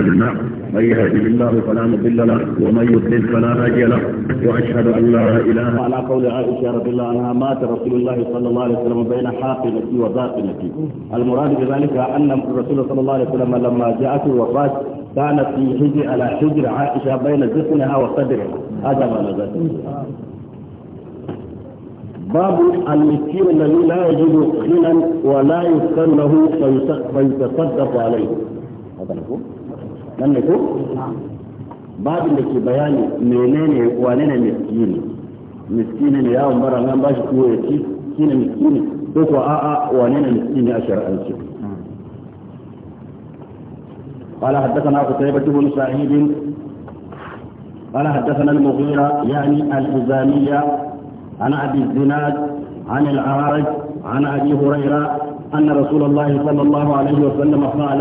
مخرج من يهدي الله فلا مضل له ومن يضلل فلا هادي له واشهد ان لا اله على قول عائشه رضي الله عنها مات رسول الله صلى الله عليه وسلم بين حاقنتي وباطنتي المراد بذلك ان الرسول صلى الله عليه وسلم لما جاءته الوفاه كانت في حجر على حجر عائشه بين جفنها وصدرها هذا ما نزلت باب المسكين الذي لا يجد غنى ولا يسكن له فيتصدق عليه هذا نقول nan ne ko babin da ke bayani menene wane ne miskini miskini ne yawon bara nan ba shi kuwa ya ci shi ne miskini ko kuwa a'a wane ne miskini a shari'ance قال حدثنا قتيبة بن سعيد قال حدثنا المغيرة يعني الحزامية عن أبي الزناد عن العارج عن أبي هريرة أن رسول الله صلى الله عليه وسلم قال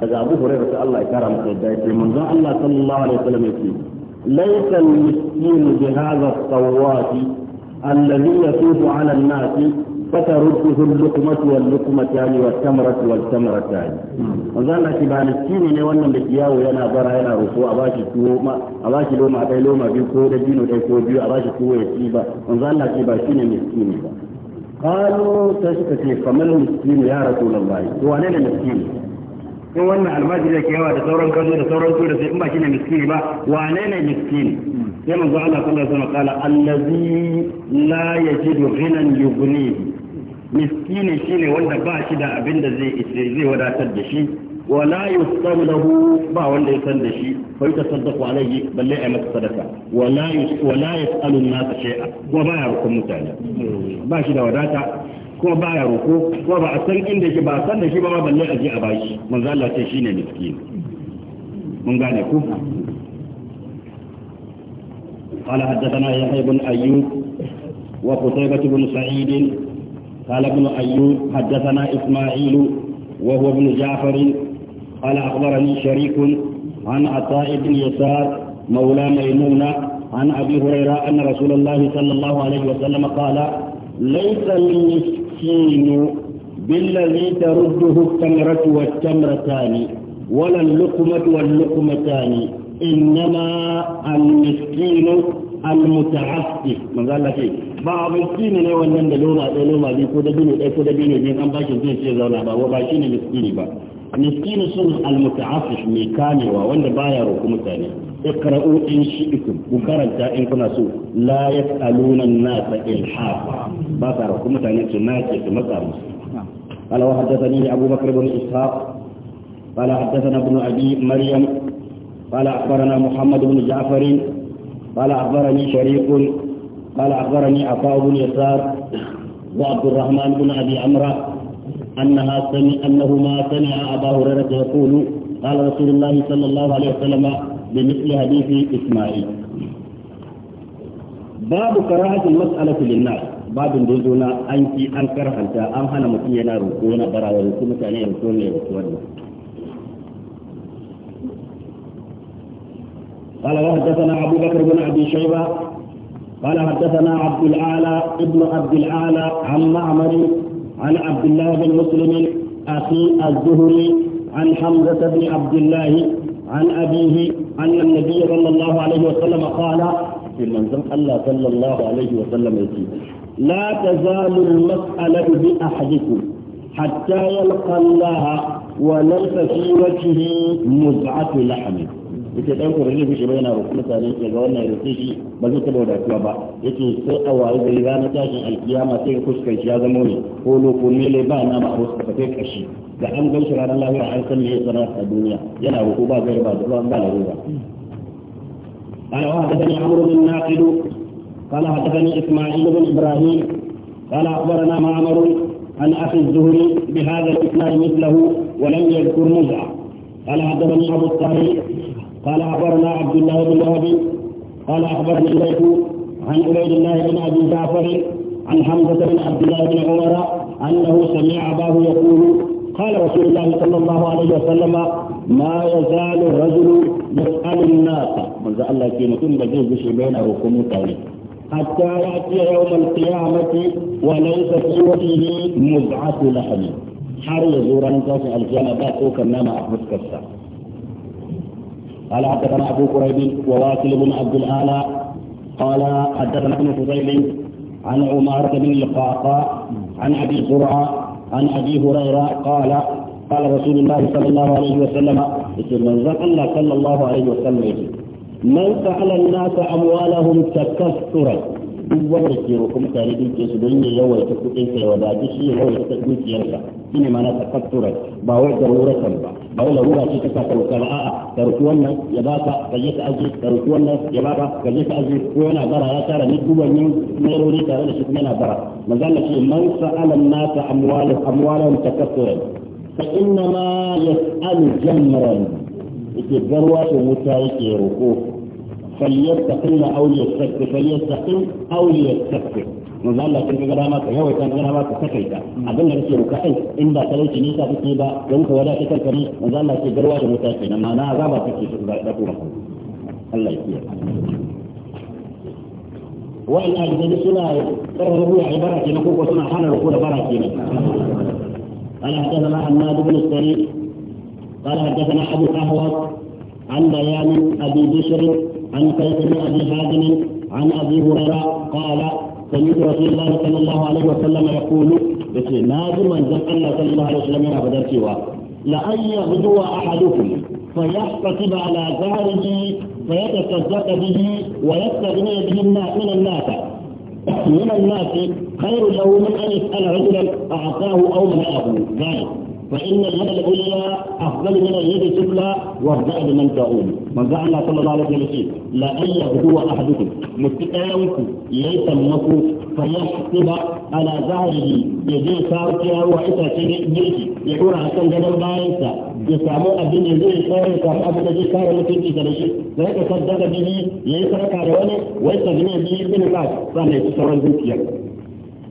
daga Abu Hurairah Allah ya kara masa yadda yake manzo Allah sallallahu alaihi wasallam yake ليس المسكين بهذا الصوات الذي يطوف على الناس فترده اللقمة واللقمتان والتمرة والتمرتان Allah ki ba miskin ne wannan da kiyawo yana bara yana rufu a baki tuwo ma a bashi loma dai loma bi ko da dino dai ko biyu a baki tuwo ya ci ba Allah ki ba shine miskin ba قالوا تشكتي فما المسكين يا رسول الله هو انا المسكين ko wannan almajiri da ke yawa da sauran kazo da sauran ko da sai in ba shi ne miskini ba wane ne miskini sai manzo Allah sallallahu alaihi wasallam kala allazi la yajidu ghinan yughni miskini shine wanda ba shi da abin da zai ishe zai wadatar da shi ولا يسقم له با wanda ya san da shi fa ta saddaku alaihi balle ai mata sadaka wala yus wala yasalu an-nas shay'a wa ba ya mutane ba shi da wadata kuma baya roko kuma ba a san inda shi ba a san da shi ba ma balle a je a bashi manzo Allah ce shine miskin mun gane ku قال حدثنا يحيى بن ايوب وقتيبة بن سعيد قال ابن ايوب حدثنا اسماعيل وهو ابن جعفر قال اخبرني شريك عن عطاء بن يسار مولى ميمونة عن ابي هريرة ان رسول الله صلى الله عليه وسلم قال ليس من السكين بالذي ترده التمرة والتمرتان ولا اللقمة واللقمتان إنما المسكين المتعفف من قال لك ba miskini ne wannan da loma ɗaya loma biyu ko da biyu ɗaya ko da ne an ba shi zai ce zauna ba ba shi ne ba miskini shi ne mai kamewa wanda baya roƙo mutane ikra'u in shi'ikum ku karanta in kuna so la yas'aluna an-nasa ilhafa ba ta roƙo mutane su nake su matsa musu قال وحدثني أبو بكر بن إسحاق قال حدثنا ابن أبي مريم قال أخبرنا محمد بن جعفر قال أخبرني شريك قال أخبرني عطاء بن يسار wa الرحمن بن أبي amra. أنها سمع أنه ما سمع أبا هريرة يقول قال رسول الله صلى الله عليه وسلم بمثل حديث إسماعيل باب كراهة المسألة للناس باب دون أنت أنكر na أم ki an karhanta an hana mutum yana roƙo قال وحدثنا أبو بكر بن أبي شيبة قال حدثنا عبد الأعلى ابن عبد الأعلى عن معمر عن عبد الله بن مسلم أخي الزهري عن حمزة بن عبد الله عن أبيه أن النبي صلى الله عليه وسلم قال في منزل الله صلى الله عليه وسلم يقول لا تزال المسألة بأحدكم حتى يلقى الله وليس في وجهه مزعة لحم yake dan ko rage mishi bai na roƙi mutane ke ga wannan roƙe shi ba zai taba wadatuwa ba yake sai a waye gari ranar tashin alkiyama sai fuskan shi ya zama ne ko loko mele ba na ma wasu ka kai kashi da an gan shi ranar lahira an san me ya tsara a duniya yana ruku ba gari ba da ba da roba قال وحدثني عمرو بن ناقد قال حدثني اسماعيل بن ابراهيم قال اخبرنا معمر عن اخي الزهري بهذا الاسناد مثله ولم يذكر مزعه قال حدثني ابو الطريق قال أخبرنا عبد الله بن وهب قال أخبرني إليك عن عبيد الله بن أبي جعفر عن حمزة بن عبد الله بن عمر أنه سمع أباه يقول قال رسول الله صلى الله عليه وسلم ما يزال الرجل يسأل الناس من ذا الله كي نكون بجيز بينكم طريق حتى يأتي يوم القيامة وليس في وجهه مزعة لحم حر يزور انت في الجنة ذاك وكنا مع أحمد كسر قال حدثنا أبو قريب وواصل بن عبد الأعلى قال حدثنا ابن فضيل عن عمارة بن القعقاع عن أبي زرعة عن أبي هريرة قال قال رسول الله صلى الله عليه وسلم من الله صلى الله عليه وسلم من سأل الناس أموالهم تكثرا duk wanda ke roƙo mutane dukiyar su don ya yawaita kuɗin sa da wadatu shi ya ta dukiyar sa shi ne mana tafattura ba wai garuratan ba ba wai wura ce ta saka roƙar a'a ka roƙi wannan ya ba ka gaje ta aji aje ka roƙi wannan ya ba ka gaje ta aji aje ko yana bara ya tara ni duban wannan nerori tare da shi kuma yana bara maza na ce man sa'ala nasa amwalan amwalan takatturan ma ya yas'alu jamran yake garwa ta wuta yake roƙo فليتقين او يستكف فليتقين او يستكف نزال في انك غرامات كان غرامات سكيتا عدنا رسي مكاين ان با تليك نيسا بكيبا يوك ولا كتر كريم نزال لك جرواج متاكين اما انا عذابا تكيس دكورا الله يسير وإن أجدد سنة تربوية عبارة نقوك وسنة حانا نقول بركة قال حدثنا حماد بن السري قال حدثنا أبو قهوة عن بيان أبي بشر عن قيس بن ابي حازم عن ابي هريره قال سمعت رسول الله صلى الله عليه وسلم يقول يقول ناجم من الله صلى الله عليه وسلم يرى بدر سوى لأن يغدو أحدكم فيحتسب على جاره فيتصدق به ويستغني به من الناس من الناس خير له من أن يسأل رجلا أعطاه أو منعه ذلك فإن اليد العليا أفضل من اليد السفلى وارجع من تعود من زعل صلى الله عليه وسلم لا أن يبدو أحدكم ليس ليتمكوا فيحسب على ظهره يجي سارتيا وإذا سيدي ملكي يقول عشان جدل بايسا يسامو أبن يزيل ساري يسامو أبن يزيل ساري لكي تسلشي ويتصدق به يسرق على ولي ويستغني به بنقاش فأنا يتسرق ذكيا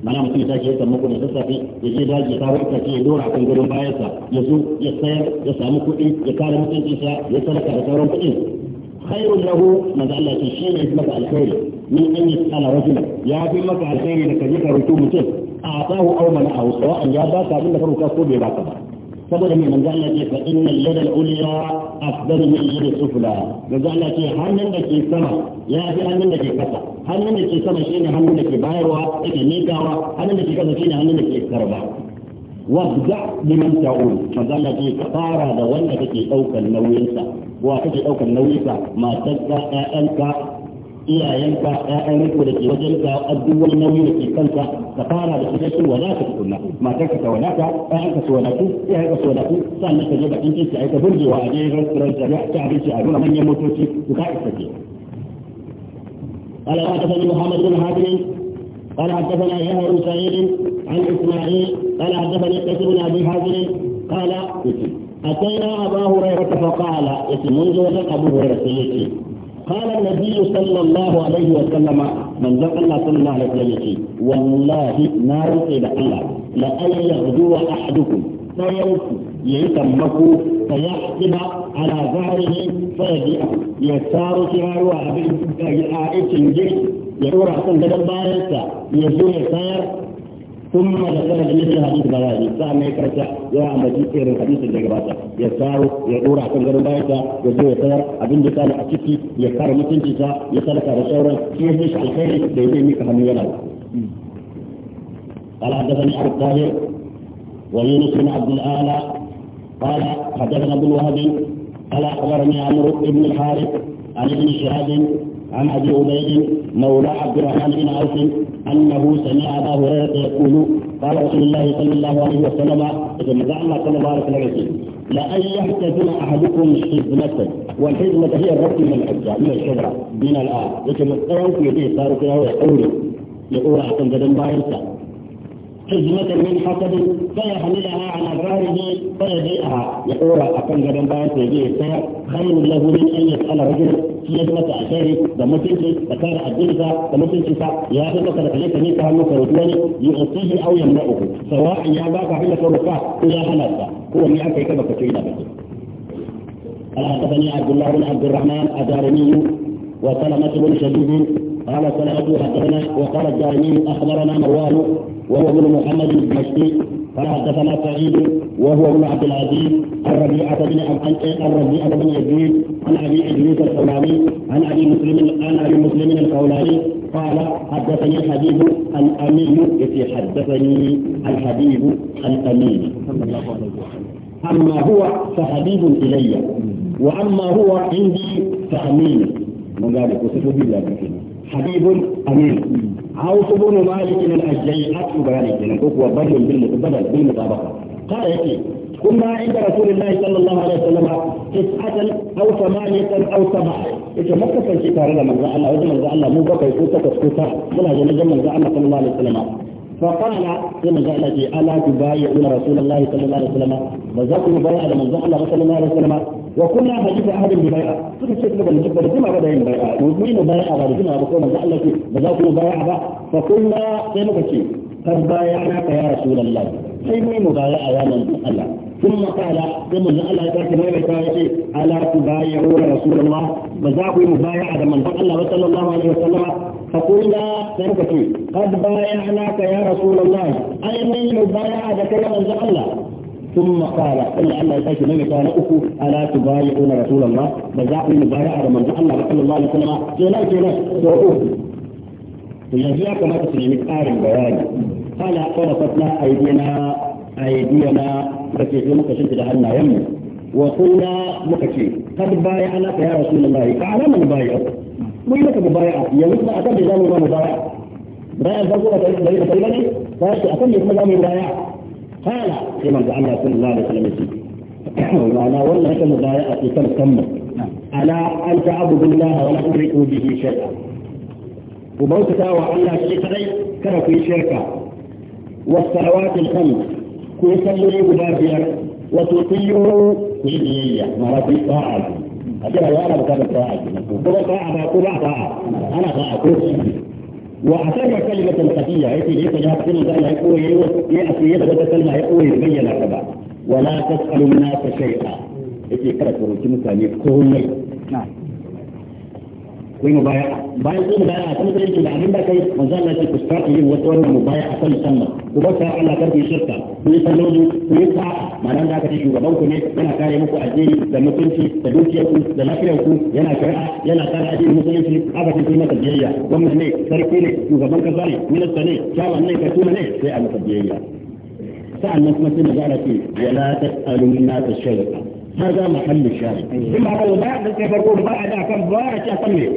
mana mutum ya tashi ya samu kuɗi da safe ya je daji ya kawo itace ya dora kan gurin bayansa ya zo ya sayar ya samu kuɗi ya kare mutuncinsa ya sadaka da sauran kuɗin خير له ما قال لك الشيء يسمك الخير من ان يسال رجلا يا في مك الخير لك ذكر رسوم اعطاه او منعه سواء يا باك منك ركاس بي باك سبب من من قال فإن اليد العليا أفضل من اليد السفلى وقال لك هل من لك السماء يا أخي هل من لك كسا هل من لك السماء شيني هل من لك بايروة إيك ميكاورة هل من لك كسا شيني هل من لك السربة وابدع بمن تعود فقال لك فارا دولك في أوكا النويسة وفي أوكا نويسة ما تبقى أنت iyayenka ƴaƴanku da ke wajenka duk wani nauyi da ke kanka ka fara da shiga sun wadata tukunna matarka ta wadata ƴaƴanka su wadatu iyayenka su wadatu sannan ka je bakin kinki aika burgewa a je ran jami'a ta abinci a nuna manyan motoci ku ka isa ke قال حدثني محمد بن حاتم قال حدثنا يحيى بن سعيد عن اسماعيل قال حدثني قيس بن ابي حازم قال اتينا ابا هريره فقال منذ وجد ابو هريره سيدي قال النبي صلى الله عليه وسلم من ذا الله صلى الله عليه وسلم والله نار إلى الله لأن يغدو أحدكم فيوكو يتمكو فيحسب على ظهره فيجيء يسار شعار وعبد يعيش الجيش يرور عصن بدل بارسة يزول يسار ثم ذكر مثل حديث بياني سامع كرتا يا أمتي سير الحديث اللي جبته يساو يدور عشان غير بيتا يجوا يسار أبين بيتا أشتي يسار مثل جيسا يسار كرشورا كيف يش الخير بيني كهم يلا قال حدثني أبو الطاهر ويونس بن عبد الأعلى قال حدثنا عبد الوهاب قال أخبرني عمرو بن الحارث عن ابن شهاب عن ابي عبيد مولى عبد الرحمن بن عوف انه سمع ابا هريره يقول قال رسول الله صلى الله عليه وسلم اذا دعنا صلى الله عليه وسلم لأن يحتفل أحدكم حزمته والحزمة هي الركب من الحجة من الشجرة من الآن لكن القوم في يديه صاروا كده يقولوا يقول أحسن بدن بايرسا حزمة من حسد فيحملها على ظهره فيجيئها يقول أحسن بدن بايرسا يبيع خير له من أن يسأل رجل shi ya zama ka alheri da mutunci da kare addininka da mutuncinka ya fi maka da kare ka ne ta hannu ka rubuwa ne yi osihi au yamma uku sawa'in ya ba ka hanyar ka ko ya hana ka ko wani aka yi ka baka ce ina ba قال حدثني عبد الله بن عبد الرحمن الدارمي وسلمة بن شديد قال سلمة حدثنا وقال الدارمي اخبرنا مروان وهو ابن محمد المشتي قال حدثنا سعيد وهو ابن عبد العزيز الربيعة بن الربيعة بن يزيد عن ابي ادريس الخولاني عن ابي مسلم عن ابي مسلم الخولاني قال حدثني الحبيب الامين التي حدثني الحبيب الامين اما هو فحبيب الي واما هو عندي فامين من ذلك وصفه بالله حبيب أمين عوف بن مالك من الأجلي أكل بيانك لنكوك وبدل بالمتبدل بالمطابقة قال يكي إيه؟ كنا عند رسول الله صلى الله عليه وسلم تسعة أو ثمانية أو سبعة إذا ما كفر شكار لما الله وجمع زعلنا مو بقى يكون تكسكوتا ولا جمع الله صلى الله عليه وسلم فقال في جاء الا تبايعون رسول الله صلى الله عليه وسلم وزكوا بيع من زعل الله صلى الله عليه وسلم وكنا حديث احد ببيع كل شيء كده بالنسبه لكما بدا بيع ومين بيع بعد كده بكون زعل لك وزكوا فقلنا كما كشي قد بايعناك يا رسول الله sai mai يا من a ثم قال ثم ان الله يبارك لنا ويقول الا تبايعون رسول الله فذاك مبايع من الله صلى الله عليه وسلم فقلنا تركتي قد بايعناك يا رسول الله اي من مبايع ذاك يا الله ثم قال إلا أن الأيش من كان أكو ألا تبايعون رسول الله بزاق المبايعة من الله صلى الله عليه وسلم كلا كلا سوء يجيء كما تسلم آل البيان قال فرصتنا أيدينا أيدينا فكي مكشنت لأن يم وقلنا مكشي قد بايعناك يا رسول الله فعلى من بايعك لك مبايعة يا أتم بزام الله مبايعة بايع الزوجة طريقة طريقة لي اقل أتم من مبايعة قال كما جعلنا صلى الله عليه وسلم يسير وأنا والله هيك مبايعة في كم كم ألا أن تعبد الله ولا أشرك به شيئا وبوتك وعلى شيء كذا كان في شركة والصلوات الخمس وتصلي مبادئا وتطيعه في ما في طاعة هذا يا رب كان طاعة هو طاعة ما طاعة أنا طاعة وأحسن كلمة الخفية هي هي تجاه كل ذا يقوي هي أصلية هذا كلمة يقوي بين كبا ولا تسأل الناس شيئا هي كرة ورجمة يقوي نعم ku yi mubaya'a bayan ku mubaya'a kuma sai ku da abin da kai manzo Allah ya ku start yin wata wannan mubaya'a kan sannan ku ba ta Allah karfi shirka ku yi salloli ku yi sa'a ma'ana da aka ce shugaban ku ne yana kare muku addini da mutunci da dukiyar ku da lafiyar ku yana shari'a yana kare addinin musulunci aka ce kuma ta biyayya gwamnati ne sarki ne shugaban kaza ne minista ne shawan ne katuna ne sai a masa biyayya sa'annan kuma sai da za a ce wala tas'alun nasa shay'a هذا محل الشاهد أيوة. إما أول بعد كيف أقول بعد أكم بارك أكمل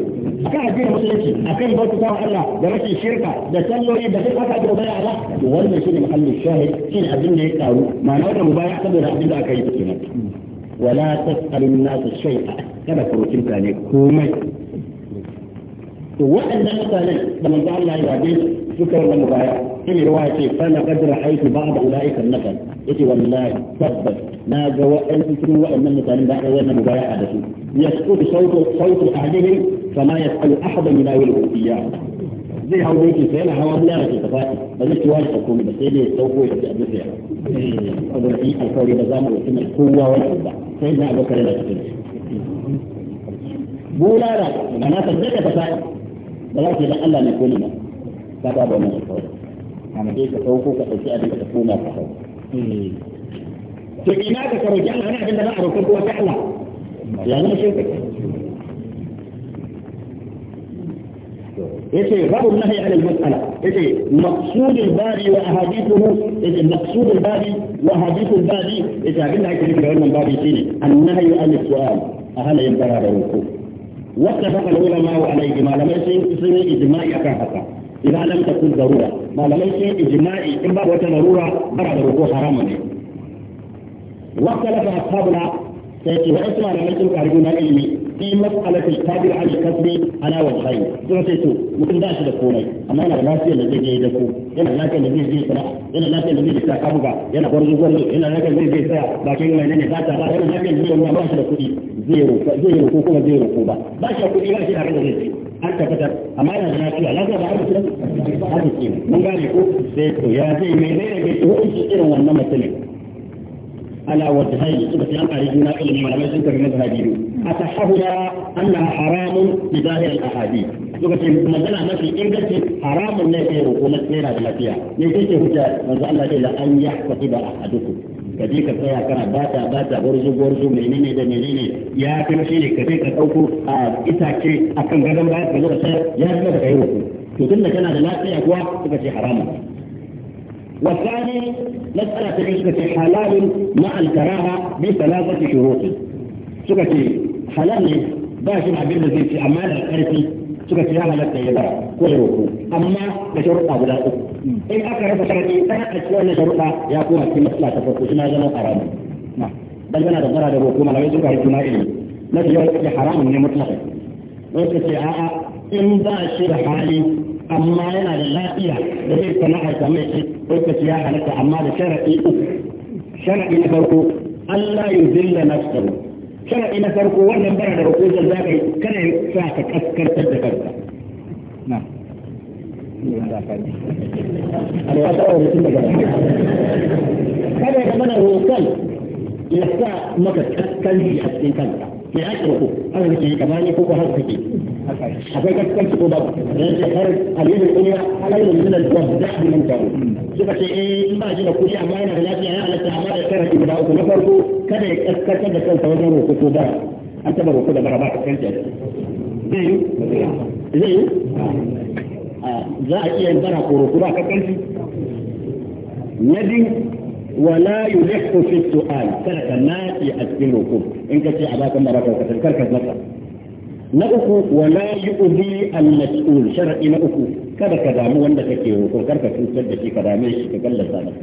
أكم أجيب مسلسي أكم بارك سوى الله درس الشركة ده سلوا إيه ده فقط أجيب مبايع الله وولنا يا محل الشاهد شيء أبين يكتعوا ما نوع مبايع قبل كيف أكيد ولا تسأل الناس الشيء كما كروتين كان كومي وأن مثلا لما قال الله يا عزيز ذكر المبايع في رواية فأنا قد رأيت بعض أولئك النفر ita wallahi tabbas na ga wa'annan cikin wa'annan mutanen da aka wannan mubaya'a da su yasqutu sautu sautu ahadihim fama yasqalu ahadan awil iyyahu zai hawo doki sai yana hawa bula da ke tafa ba zai ci wani komai ba sai dai ya sauko ya ci abin sai saboda yi alkawari ba za mu yi mai kowa wani ba sai na abokan da cikin bula da mana ta zai tafa ba za ka da Allah ne ko ne ba ba ba wannan alkawari amma dai ka sauko ka ɗauki abin da ka koma ka hau to ina ka karo ki Allah ne abinda ba a roƙon kuma ta Allah ya zama shi yace babu nahi ala al-mas'ala yace maqsud al-bari wa ahadithuhu yace maqsud al-bari wa ahadithu al-bari yace abinda ake nufi da wannan babu shine an-nahyu an su'al a halayen bara da roƙo واتفق العلماء على اجماع لم يكن اجماع اكن حقا اذا لم تكن ضروره malamai sun ijma'i in ba wata larura ba da roƙo haramun ne wata lafa tabula sai ce wa isma da sun karbi na ilimi fi mas'alatul kabir al kasbi ala wajhayn sun ce to mutum ba shi da komai amma yana da lafiyar da zai je da ku yana lafiyar da zai je sana'a yana lafiyar da zai je ta buga yana gwarzo gwarzo yana lafiyar da zai tsaya bakin mai nane ba ta ba yana lafiyar da zai yi ba shi da kuɗi zai roƙo kuma zai roƙo ba ba shi da kuɗi ba shi da rage zai an tabbatar amma yana da lafiya lafiya da arziki arziki mun gane ko sai to ya zai mai ne da bai wani shi irin wannan mutumin ala wata hayi suka fi amfani juna ilimin malamai sun tafi mazhabi biyu a tahahura annaha haramun bi zahir al ahadi suka ce magana mafi inganci haramun ne kai hukumar tsera da lafiya ne kake hujja manzo Allah ya la an yahfati da ahadukum ka je ka tsaya kana bata bata gwarzo gwarzo menene da menene ya fi shi ne ka je ka ɗauko a itace a kan gadon baya ka zo ka tsaya ya zama da kai ruku to tun da kana da lafiya kuwa suka ce haramun والثاني مسألة عشرة حلال مع الكراهة بثلاثة شروط. سكتي حلال باشر عبد الزيت أمانة الكرسي سكتي يا هلك يا ko ya roƙo amma da sharuɗa guda uku in aka rasa sharadi sai a ci wannan sharuɗa ya koma cikin matsala ta farko shi ma zama haramu dan yana da gara da boko malamai suka yi tuna ilimi na biyar ya haramun ne mutlaka wasu ce a'a in ba shi da hali amma yana da lafiya da zai sana'ar ta mai shi wasu ya halatta amma da sharaɗi uku sharaɗi na farko Allah ya zilla nafsahu sharaɗi na farko wannan bara da hukuncin za ka yi kana sa ka kaskantar da kanka kada ya mana roƙon ya sa maka kaskanci a cikin kanka ke ya kirko an rike kama ne ko ko kake akwai kaskanci ko ba dan shekar alimin kunya alailun min al-wadda min karu suka ce eh in ba shi da kuɗi amma yana da lafiya ya halatta amma da sharafi guda uku na farko kada ya kaskantar da kansa wajen roƙo ko bara an taɓa roƙo da bara ba kaskanci a ciki zai yi zai yi za a iya bara ko a ba kakanci na biyu wala yu yulqu fi su'al kada ka naɗi a cikin roƙo in ka ce a baka mara ka tarkar ka zaka na uku wala ubi al-mas'ul shar'i na uku kada ka damu wanda kake roƙo kar ka cutar da shi ka dame shi ka gallasa masa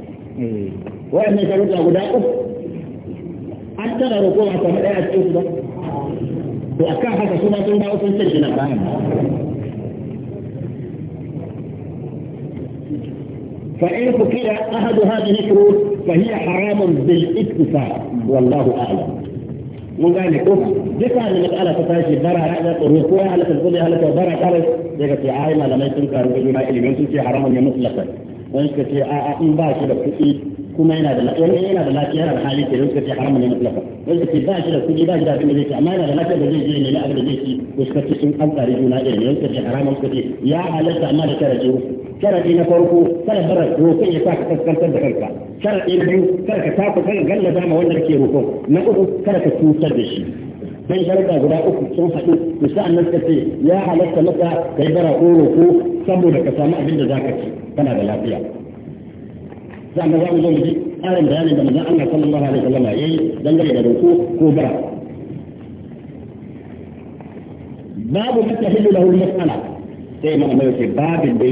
wa'annan sharuɗa guda uku an tara roƙo a samu ɗaya a cikin su ba to akan haka suna sun dawo sun ce shi na bayan فإن فكر أحد هذه الشروط فهي حرام بالإتفاء والله أعلم من قال لكم جفا من الألة تتعيش برا رأي ورقوة ألة تقولي ألة وبرا قرص ديك في عائمة لما يتنكر وإنما إلي منتو في حرام يمطلقا وإنك في أمباك لك في kuma yana da wani yana da lafiya yana da hali ke suka ce haramun ne mutlaka wani suka ce ba shi da kuɗi ba shi da abin da zai ci amma yana da lafiya da zai je ne na abin da zai ci ko suka ce sun an tsari juna irin ne suka ce haramun suka ce ya halatta amma da karaje sharadi na farko kada bara roƙon ya saka kaskantar da kanka sharadi na biyu kada ka tafi kada gallaza ma wanda kake roƙon na uku kada ka cutar da shi dan sharuɗa guda uku sun haɗu to sa'an nan suka ce ya halatta maka kai bara ko roƙo saboda ka samu abin da zaka ci kana da lafiya sannan a mu zo ji tsarin bayanin da manzon Allah sallallahu alaihi wasallam yayi dangane da ruku ko bara babu mutahillu lahu al-mas'ala sai mana mai ce babin da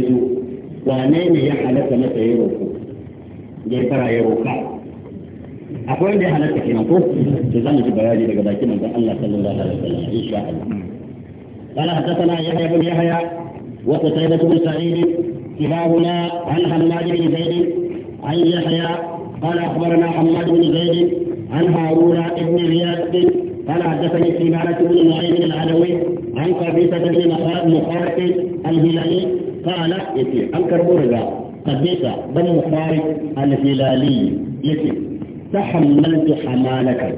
wane ne ya halatta masa yayi ya fara akwai wanda ya halatta kenan ko za mu ji bayani daga bakin manzon Allah sallallahu alaihi wasallam insha Allah قال حدثنا يحيى بن يحيى وقتيبة بن سعيد كلاهما عن حماد بن زيد عن يحيى قال اخبرنا حماد بن زيد عن هارون بن رياض قال حدثني سمارة بن نعيم العدوي عن قبيصة بن مخارق الهلالي قال يتي انكر برزا قبيصة بن مخارق الهلالي يتي تحملت حمالك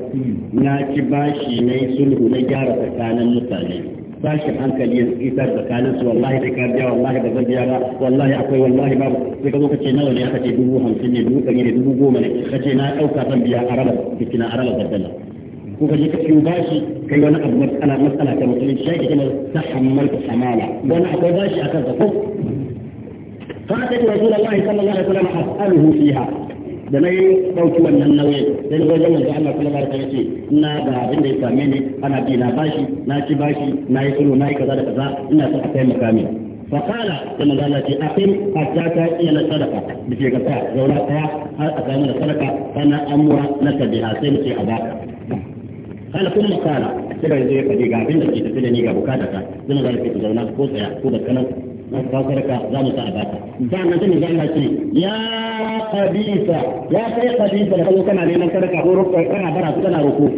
ناكباشي هنا جارة كان المتعلم tashin hankali ya isa tsakanin su wallahi da kariya wallahi da zan biya ba wallahi akwai wallahi babu sai ka zo ka ce nawa ne aka ce dubu hamsin ne dubu ɗari ne dubu goma ne ka ce na ɗauka zan biya a raba bikina a raba baddala ko ka je ka ciwo bashi kai wani abu matsala matsala ta mutum shi ake kuma ta ta samala wani akwai bashi a kansa ko فأتيت رسول الله صلى الله عليه وسلم أسأله فيها da na yi ɗauki wannan nauyi da ya zama da Allah kula yake ina ga abinda ya same ni ana bi bashi na ci bashi na yi suru na yi kaza da kaza ina son a kai mukami fa kala da magana ce a kai a ta iya na sadaka da zauna ɗaya har a samu da sadaka kana amura na ta biya sai muke a baka. kala kuma kala sai ka yi zai faɗi ga abinda da ke tafi ni ga bukata ta zama zai fi zauna ko tsaya ko da واستغفرك ذلك أباك دعنا نتم جعلنا شيء يا قبيسة يا كي قبيسة لقد كما لمن ترك ركوع وكان عبارة كنا ركوع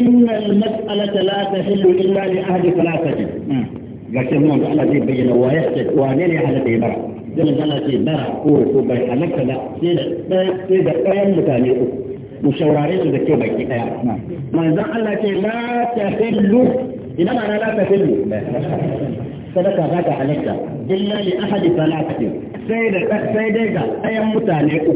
إن المسألة لا تحل إلا لأهل ثلاثة لكن من الله يبين ويحسد وانين يحدث برا zai zana ce bara ko ko قول قول ba sai da sai da ɗayan mutane uku mu shaurare su da kyau baki ɗaya لا تحل ce la tahillu ina sadaka za ka halatta illa li ahadi salatin sai da sai dai ga ayan mutane uku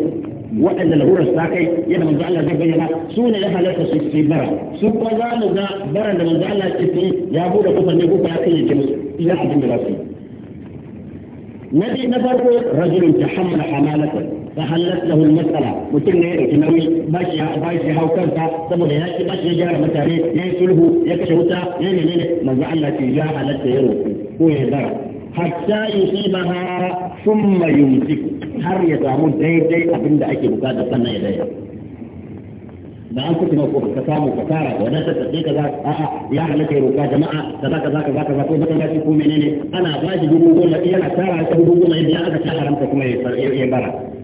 waɗanda larurar sa kai yadda manzo Allah zai bayyana su ne ya halatta su ci bara su ko za mu ga baran da manzo Allah ke ci ya bude kofar ne ko ya kai ya musu ya abin da za su na farko rajulun tahammala hamalatan فحلت له المسألة mutum ne ya nauyi bashi bashi hau kansa saboda ya ci bashi ya gyara mutane ya yi sulhu ya kashe wuta ya ne ne manzo Allah ce ya halatta ya roƙi ko ya zara hatta yusibaha thumma yumsik har ya samu daidai abin da ake bukata sannan ya daidai da an kuma ko ka samu ka tara da wadata ta sai kaza a'a ya halaka ya roƙa jama'a kaza kaza kaza kaza ko ba ta ko menene ana ba shi dubu goma yana tara ta dubu goma yadda aka ta haramta kuma ya bara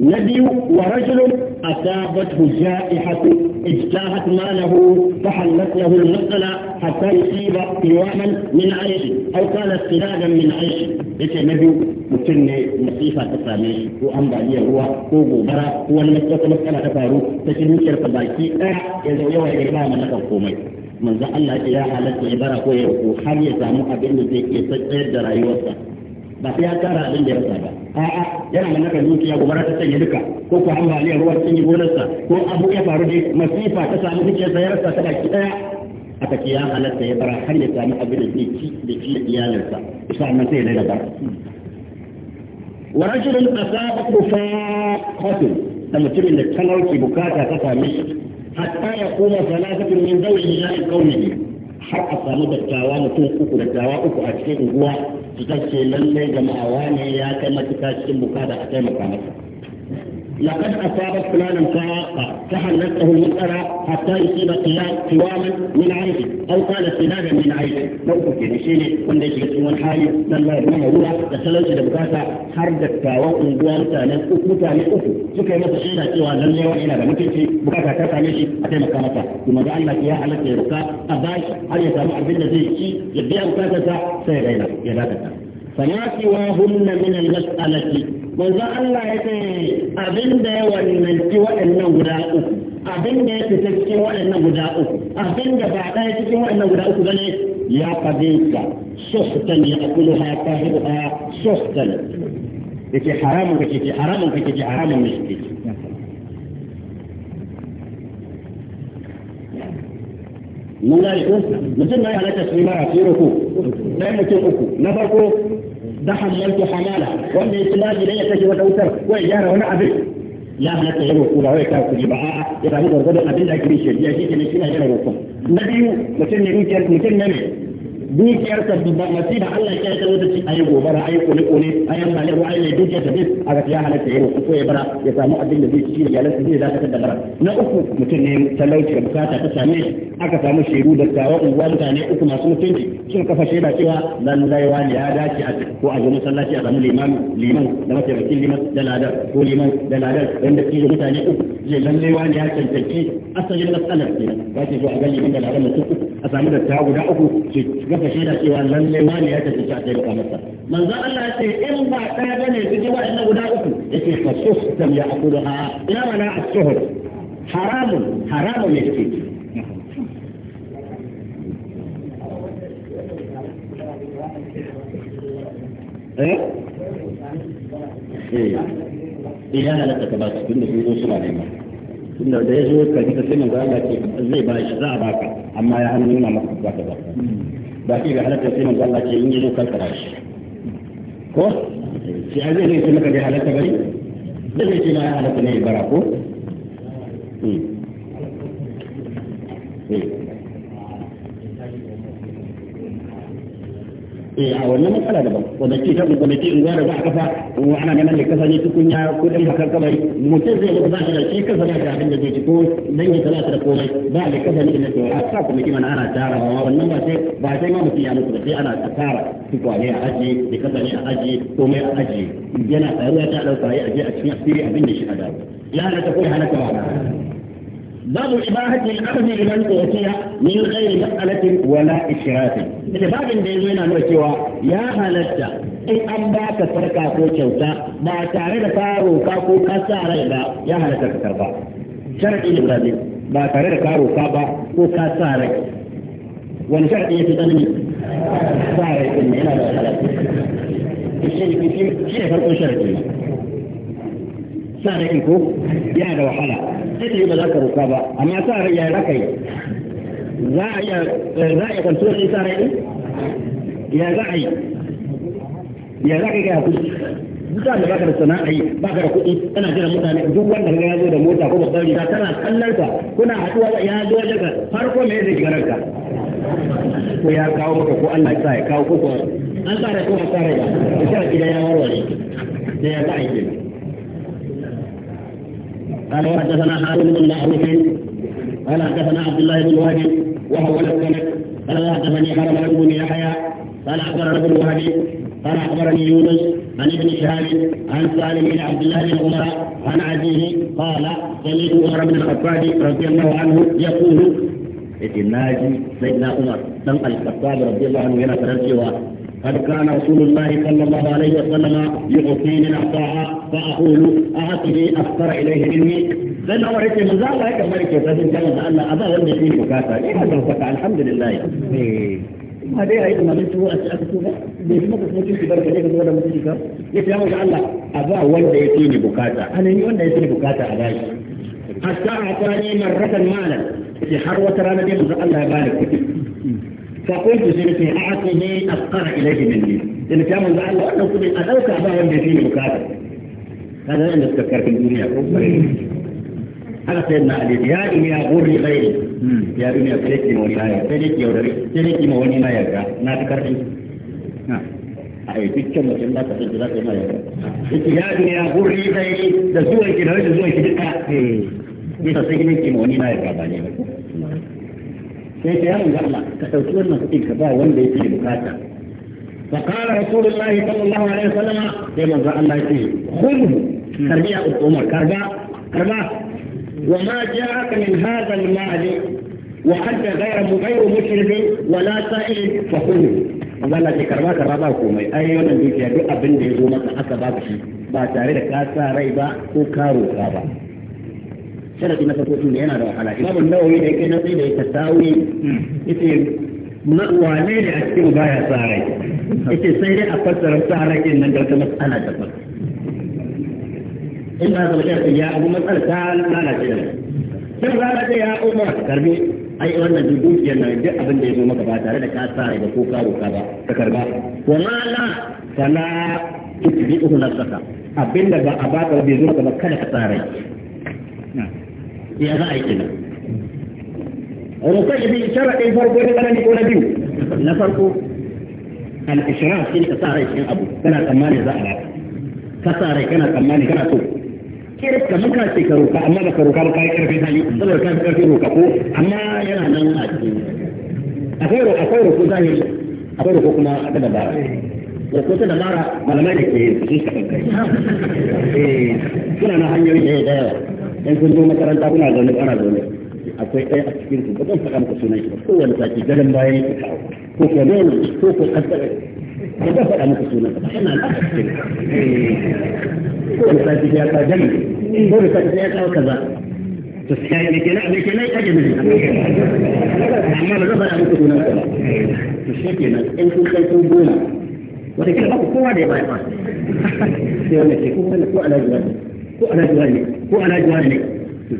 نبي ورجل أصابته جائحة اجتاحت ماله فحلت له المسألة حتى يصيب قواما من عيش أو كان استدادا من عيش لكي نبي مكن مصيفة تسامي وأن بعدها هو قوبو برا هو المسألة تسألة تسارو تكلم شرط باكي اه يزو يوى إرمان نتفقومي من ذا الله إلا حالة عبارة كوي وحالي يسامو أبنو زيكي ba sai ya tara abin da ya rasa ba a'a yana da naka dukiya gobara ta sanya duka ko ko ambaliyar ruwa sun yi gonarsa ko abu ya faru da masifa ta sami dukiyarsa ya rasa ta baki daya aka ce ya halatta ya bara har ya sami abin da zai ci da ci iyalinsa isa nan sai ya daga wa rajulun asabatu fa da mutumin da talauci bukata ta same shi hatta ya kuma salatatu min zawji ya kauni har a samu dattawa mutum uku dattawa uku a cikin unguwa su ce lallai jama'a ne ya kai matuka cikin bukata a taimaka masa لقد اصابت فلانا فراقا فحلته المساله حتى يصيب قيام قواما من عيبه او قال سلالا من عيبه موقف يعني في نشيني وانا يجي يسوون حالي بل هو تسلل جدا بكاسا حرد التاوى وانجوان تانا اكو تانا اكو سكي ما تشينا سوى لن يوى الى بمكنسي بكاسا كاسا اتى مكامتا ثم دعا لك يا حالك يا بكا اباش علي سامع بالنزي يبيع بكاسا سيغينا يلا تتا فما سواهن من المسألة manzon Allah ya ce abin da ya wannanci waɗannan guda uku abin da ya fita cikin waɗannan guda uku abin da ba ɗaya cikin waɗannan guda uku gane ya faɗe ka sostan ya kulu ha ta hidu ha sostan da ke haramun ka ke haramun ka ke haramun ne ke mun gari ko mutum na yi halatta su yi mara su yi roko, ɗaya mutum uku na farko دخل لك حلالا وان الاسلام لا يكفي وتوتر وإجارة ولا عبد لا لا تعلموا كل هيك في بها يبقى هذا الغد قبل الاكريشن يا شيخ انا شنو اجي اقول لكم نبي وكان dukiyar ta da nasi da Allah ya ta wata ci yi gobara ayi kone kone ayi mali ruwa ayi dukiyar ta bin a ga ya halatta yayin ko ya bara ya samu abin da zai ci da yalan zai zaka da bara na uku mutum ne talauci da bukata ta same aka samu shaidu da tawa uwa mutane uku masu mutunci sun kafa shaida cewa dan zaiwa ne ya dace a ko a zo masallaci a samu liman liman da mataimakin liman da ladar ko liman da ladar wanda ke mutane uku zai dan zaiwa ne ya cancanci asalin matsalar kenan ba ce zo a ga liman da ladar mutum a samu da tawa guda uku ce maka shaida cewa lalle wani ya tafi ta taimaka masa manzo Allah ya ce in ba ta bane su ji wa'annan guda uku yace fa sustam ya akuluha ina mana as-suhur haramun haramun ne take eh idan halatta ka ba su tunda sun zo suna nema tunda da ya zo ka ji ka sai manzo Allah ce zai ba shi za a baka amma ya hannu nuna maka ba ka ba ba shi ga halatta sai manzo Allah ce in yi dokar shi ko shi a zai ne sai maka da halatta bari da zai ce na halatta ne bara ko hmm. Hmm. Eh, a wannan matsala daban wanda ke ta ke in gwara ba a kafa ana ganin da kasa ne tukunya ko dan hakan kamar mutum zai ga ba da shi kasa da abin da zai ci ko dan yi talata da komai ba da kasa ne da a sa kuma kima ana tarawa wannan ba sai ba sai ma mutum ya mutu sai ana tsara tukwane a aji da kasa ne a aji komai a aji yana tsaruwa ta dauka ya aje a cikin asiri abin da shi a dawo ya halatta ko ya halatta ba باب إباحة أخذ لمن أوتي من غير مسألة ولا إشراف إذا باب دينا نوتيوا يا هلتا إن أن باك سرقا كو ما تعرف كارو كاكو كسارة يا هلتا تركا. شرط إبراهيم ما تعرف كارو كابا كو كاسارا. wani sharadi ya fi tsanani sa rai ɗin yana da sa rai ko yana da wahala sai ba za ka roƙa ba amma sa rai ya raka yi za a iya eh, za a iya kwantuwar ɗin sa rai ya za a yi ya za ka yi hakuri duka da baka da sana'a yi baka da kuɗi kana jira mutane duk wanda ya zo da mota ko babban riga tana kallon ka kuna haɗuwa ya zo daga farko me zai shiga ka ko ya kawo maka ko Allah ya sa ya kawo ko an sa rai ko ba sa rai ba ya gida ya warware da ya za a yi قال حدثنا خالد بن معروف قال حدثنا عبد الله بن وهب وهو الاسود قال وحدثني حرم بن يحيى قال اخبرنا ابن وهب قال اخبرني يونس عن ابن شهاب عن سالم بن عبد الله بن عمر عن عزيز قال سمعت عمر بن الخطاب رضي الله عنه يقول الناجي سيدنا عمر سمع الخطاب رضي الله عنه هنا farar قد كان رسول الله صلى الله عليه وسلم يعطيني الاعطاء فاقول اعطني اكثر اليه مني لان هو هيك من زعل هيك ملكه فإن كان الله ابا ولا فيه مكافاه ايه هذا الحمد لله ما هذه أيضا ما بنت هو أسألتها بيجمع بسمتين في بركة ليش ليه بدولة مسيكا يتعاوج الله أبا ولد يتيني بكاتا أنا يني ولد يتيني بكاتا أباي حتى أعطاني مرة مالا في حروة رانا دي الله يبارك فقلت سيدتي أعطني أفقر إليه مني لأن كان من الله وأنا كنت أدوك أبا وندي فيه مكاتب هذا أنا أتذكر في الدنيا أنا سيدنا علي يا إني أغور غيري يا إني أفلتني ونهاية سيدتي ودري سيدتي موني ما يرجع ناتكر نعم ai duk can mutum za ka san za ka yi mara yake ya ne ya gurri sai da zuwan ki da wani zuwan ki duka ne ta sai ne ki mawani sai ta yaron ga Allah ka wannan kuɗin ka ba wanda yake bukata فقال رسول الله صلى الله عليه وسلم كما قال الله فيه خذه تربيع الأمة كربا كربا وما جاءك من هذا المال وحتى غير غير مشرف ولا سائل فخذه قال لك كربا كربا كومي أي يوم بيجي أبن بيزومك أكبر شيء ba tare da ka sa rai ba ko karo ba sharadi na farko shine yana da wahala babu nawawi da yake nasi da yake tawi na wane ne a cikin baya sa Ita sai dai a fassara sa rai nan da kuma matsala ta farko in ba zama sharadi ya abu matsala ta lalace ne sai lalace ya umar karbi ai wannan dukiyar nan duk abin da ya zo maka ba tare da ka tsara da ko karo ka ba ka karba wa mala fala tutbi'uhu nafsaka abinda ba a baka bai zo maka kada ka sa rai يا لأداء الصلاة ونصيح بشرع الفرق وإن أنا نكون بيو إن فرق الإشراف في الكسارة يشين أبو كنا كماني زائرة كسارة كنا كماني كنا تو كيف كما كان في كروكا أما بكروكا بكاي كرفي ثاني صدر كان في كروكا كروكا أما ينا نانا أخيرو أخيرو كوزاني أخيرو كوكما أكدا بارا وكوزا دبارا ملماني كيه إيه. بسيس كبكي كنا نحن يوجه إيه، إيه. dan kun zo makaranta kuna zaune ana zaune akwai ɗaya a cikin ku ba zan faɗa maka sunan shi ba kowane sati gadon bayan yake kawo ko ko nono ko ko kasar ba zan faɗa maka sunan ba ina na a cikin kowane sati ya kawo jami kowane sati ya kawo kaza to sai ne kenan abin kenan ya kaje mai amma ba zan faɗa maka sunan ba to shi kenan in kun kai kun gona wata kila ba kowa da ya bayar ba sai wanda ke kuma ko alaji ba ko alhaji wani ne ko alhaji wani ne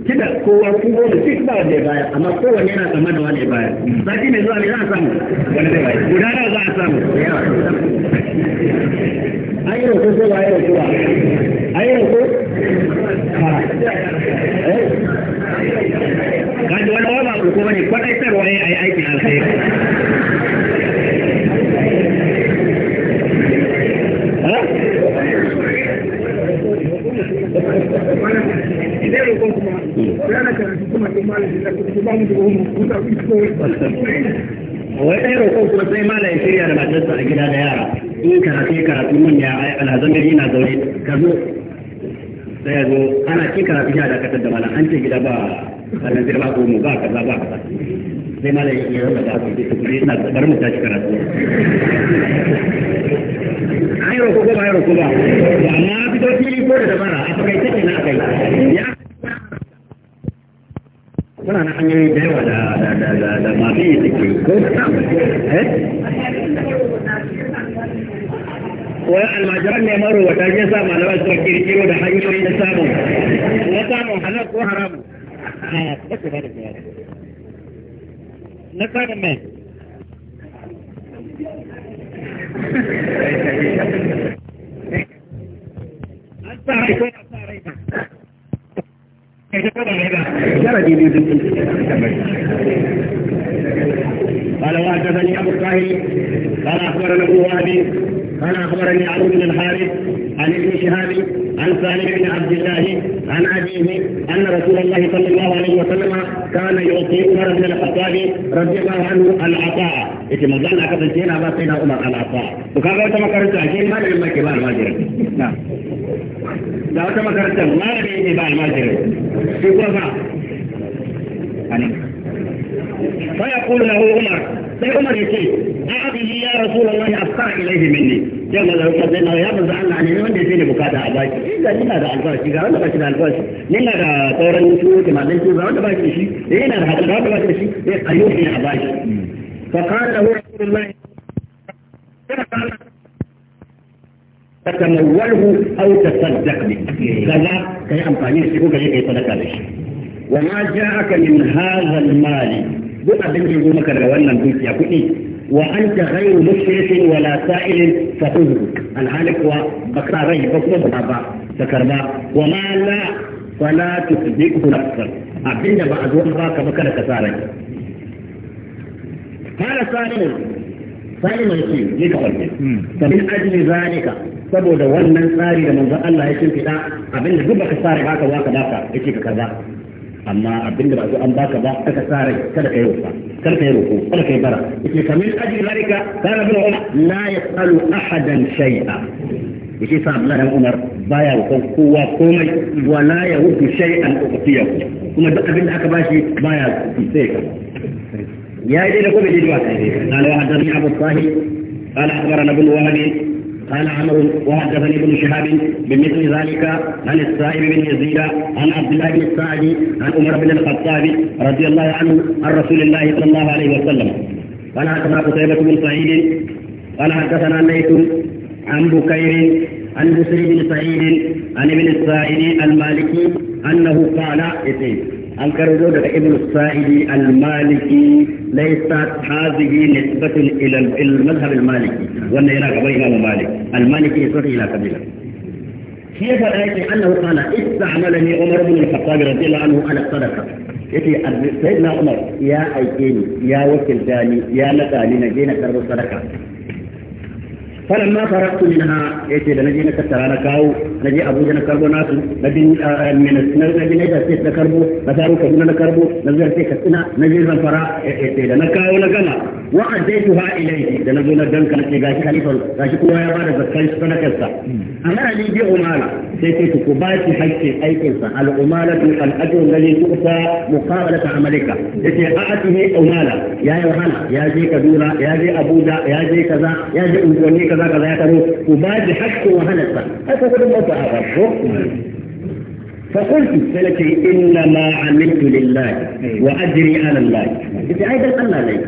kida kowa kun goma shi ba wanda ya baya amma kowanne yana tsammanin da wani ya baya sati mai zuwa ne za a samu wani zai baya guda nawa za a samu an yi roƙo ko ba a yi roƙo ba an yi roƙo eh? kaji wani wani ba roƙo ba ne kwaɗaitarwa a yi aikin alkhairi wai ɗaya roƙon kuma sai mala ya shirya da matarsa a gida da yara in karatu ya karatu manya alhazan gari na zaune ka zo sai ya zo ana karatu ya da an ce gida ba ba ko mu ba kaza ba kaza sai ya rama da da kuma yana mu tashi karatu roƙo ko ba ya roƙo ba amma fito fili ko da dabara a takaice ne na akai muna na hanyoyi da yawa da yi suke ko eh? almajiran ne maro wata ya sa kirkiro da hanyoyi na samun na samun halal ko haramu ah, na samun mai an sa sa قال وحدثني ابو الطاهر قال اخبرنا ابو وهبي قال اخبرني عمرو بن الحارث عن ابن شهاب عن سالم بن عبد الله عن ابيه ان رسول الله صلى الله عليه وسلم كان يعطي عمر بن الخطاب رضي الله عنه العطاء اذا ما Allah kasance yana ba sai عمر Umar al-Affan to kaga wata makaranta ake كبار ما ke نعم da wata makarantar malami ne ba almajirin shi kuma ba fa na lahu umar sai umar yace a abi ya rasulullahi afsara ilayhi minni ya ga zai na ya manzo Allah ne wanda yake ne bukata a baki idan nina da albashi ga wanda baki da albashi nina da sauran su da malan su ga wanda baki shi yana da hadin wanda baki shi kayo ne a baki fa qala lahu rasulullahi تتموله أو تصدق به كذا كي أمطاني سيكون كي يصدق به وما جاءك من هذا المال بقى أبن يقول لك الروانا بيت يقول وأنت غير مشرف ولا سائل فخذك الحالك وبكرة غير بكرة بابا تكربا وما لا فلا تصدقه نفسك أبن يبقى أدوان باك بكرا كسارك قال سالم سالم يقول لك فمن أجل ذلك saboda wannan tsari da manzon Allah ya shimfiɗa abin da duk baka tsara baka ka baka yake ka kaza amma abin da ba an baka ba kaka tsara kada kai roƙa kada kai roƙo kada kai bara yake kamin ajin zalika kana bin umar la yasalu ahadan shay'a yake sa Abdullahi Umar baya roƙon kowa komai wala ya shay'an uqtiyahu kuma duk abin da aka bashi baya sai ka يا إلى كل جدوى قال وحدثني أبو الطاهر قال أخبرنا ابن وهب قال عمرو وحدثني ابن شهاب بمثل ذلك عن السائب بن يزيد عن عبد الله بن السعدي عن عمر بن الخطاب رضي الله عنه عن رسول الله صلى الله عليه وسلم قال حدثنا قتيبة بن سعيد قال حدثنا ليث عن بكير عن بسر بن سعيد عن ابن السائب المالكي انه قال اثنين an karbo daga ibn sa'idi al-maliki laysa hadhihi nisbatun ila al-madhhab al-maliki wannan yana gaban imam malik al-maliki nisbatu ila kabila كيف رأيت أنه قال استعملني عمر بن الخطاب رضي الله عنه على الصدقة yake sayyidina umar ya aike ni ya wakilta ni ya nada ni na je na karbo sadaka فلما فرقت منها يجي نجي نكتر على كاو نجي ابو أبوجا كربو ناسو نجي آه، من نجي نجي سيس كربو نسارو كبنا نكربو نجي سيس كتنا نجي زنفرا يجي نكاو نكنا وعديتها إليه إذا نجي نجنك نجي غاشي خليفة غاشي قوة يا بارد زكاي سكنا كسا أما لي دي عمالة سيسي تكوباتي حيث أي كسا الأمالة الأجر الذي تؤتى مقابلة عملك يجي أعطيه عمالة يا يوحنا يا جي كدورة يا جي أبوجا يا جي كذا يا جي أمزوني كذا kaza kaza ya taro ubaji hakkin wahalarsa haka kudin فقلت سلكي إنما عملت لله وأجري على الله إذا عيد الله لي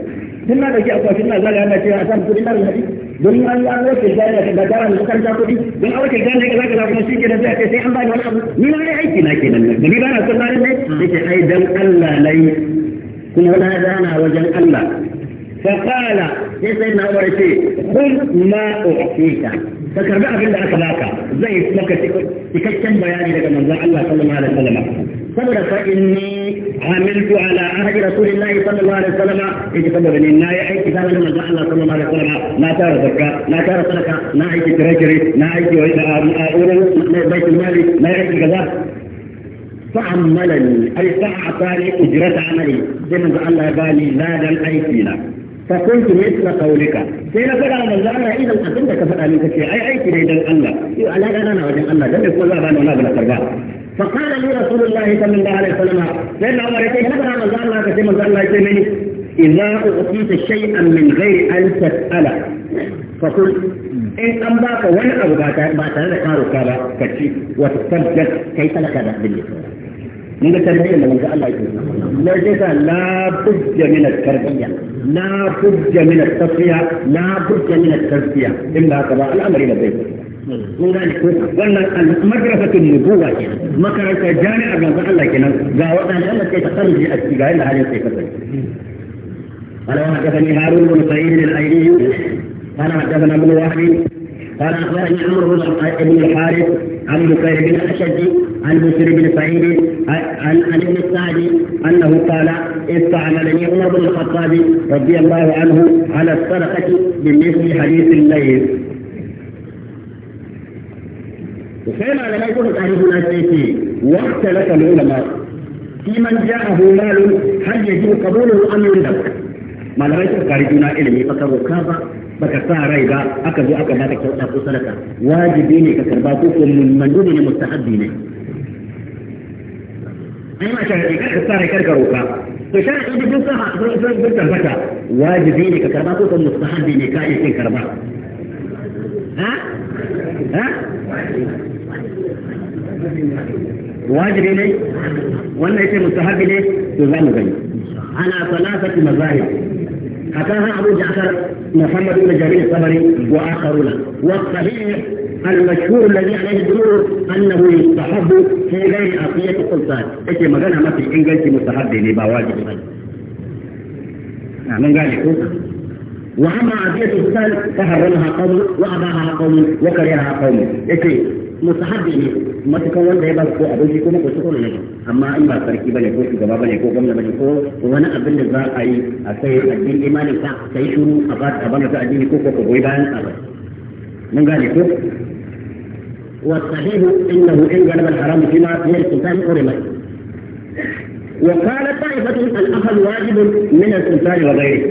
ثم رجع جاء الله لا ما شيء أسام كل الله الحديث دون أن لا أروك الجانة بدارا لكم جاء كل دون أروك الجانة كذا كذا كما شيء كذا فيها كذا عن بعد ولا من أنا عيتي لكن النبي بنا صلى الله عليه وسلم أيضا الله لي كل هذا أنا وجل الله فقال يا سيدنا عمر شيء قل ما أعطيك ذكر بقى في الله أتباك زي اسمك تكتم بياني لك من الله صلى الله عليه وسلم صبر فإني عملت على عهد رسول الله صلى الله عليه وسلم اتفضل بني الناية اي كتابة من الله الله صلى الله عليه وسلم ما تارى ذكا ما تارى ذكا ما ايك تريجري ما ايك ويسا بيت المال ما ايك كذا فعملني اي فاعطاني اجرة عملي زي من الله قال لي لا دم اي فينا فكنت مثل قولك sai na faɗa manzo Allah idan abin da ka faɗa min kace ai aiki ne dan Allah yau alaka na wajen Allah dan ko za ba فقال لي رسول الله صلى الله عليه وسلم سيدنا عمر يقول لك انا منزل الله كثير من الله يقول لي اذا اعطيت شيئا من غير ان تساله فقل ان ان باك ولا ابو باك بعد هذا كاروكا كتشي وتستبدل كيف لك ذا باللسان من قلت لك لما الله لا جزا لا بد من التربية لا بد من التصفية لا بد من التزكية إلا هكذا الأمر إلى بيت من مدرسة النبوة كنا مكانة جامعة من الله كنا قاوتنا لأنك تخرج أتجاه لها هذه الصفة قال وحدثني هارون بن سعيد الأيلي أنا حدثنا ابن واحد قال اخبرني عمر بن الحارث عن بكير بن الاشج عن بشير بن سعيد عن عن ابن السعد انه قال استعملني عمر بن الخطاب رضي الله عنه على الصدقه بمثل حديث الليل. وكان على ما يكون تعريف الاساسي واختلف العلماء في من جاءه مال هل يجب قبوله ام يندب؟ ما لم يكن قارئنا علمي فكروا كذا baka sa rai ba aka zo aka baka kyauta ko sadaka wajibi ne ka karba ko ko mandubi ne mustahabbi ne ai ma sharadi ka sa rai karka roka to sharadi da duk sa sun sun tabbata wajibi ne ka karba ko ko mustahabbi ne ka yi kin karba ha ha wajibi ne wannan yake mustahabbi ne to za mu gani ana salasati mazahib حكاها أبو جعفر محمد بن جرير الطبري وآخرون والصحيح المشهور الذي عليه الجمهور أنه يستحب في غير عصية السلطان ما قالها ما في إنجلتي مستحب لي بواجب من قال وأما عصية السلطان فحرمها قوم وأباها قوم وكرهها قوم إيش musahabi ne matukan wanda ya ba ko abinci ko makwai ko ne amma in ba sarki bane ko shugaba bane ko gwamna bane ko wani abin da za a yi a sai addinin imanin ka sai shuru a ba ta bana ta addini ko ko ko goyi bayan ka mun gane ko والصحيح انه ان غلب الحرام فيما في السلطان حرمت وقال طائفه الاخذ واجب من السلطان وغيره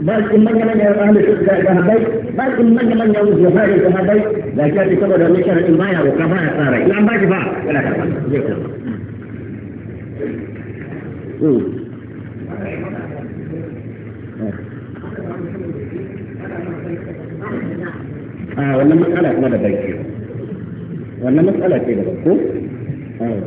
بل إن من من يقال يحب هذا البيت بل من من يوز يفاري هذا البيت لا كاتي كبدا ميشان إمايا وكفاء ساري لا باجي آه ولا مسألة ماذا بيت ولا مسألة كده آه.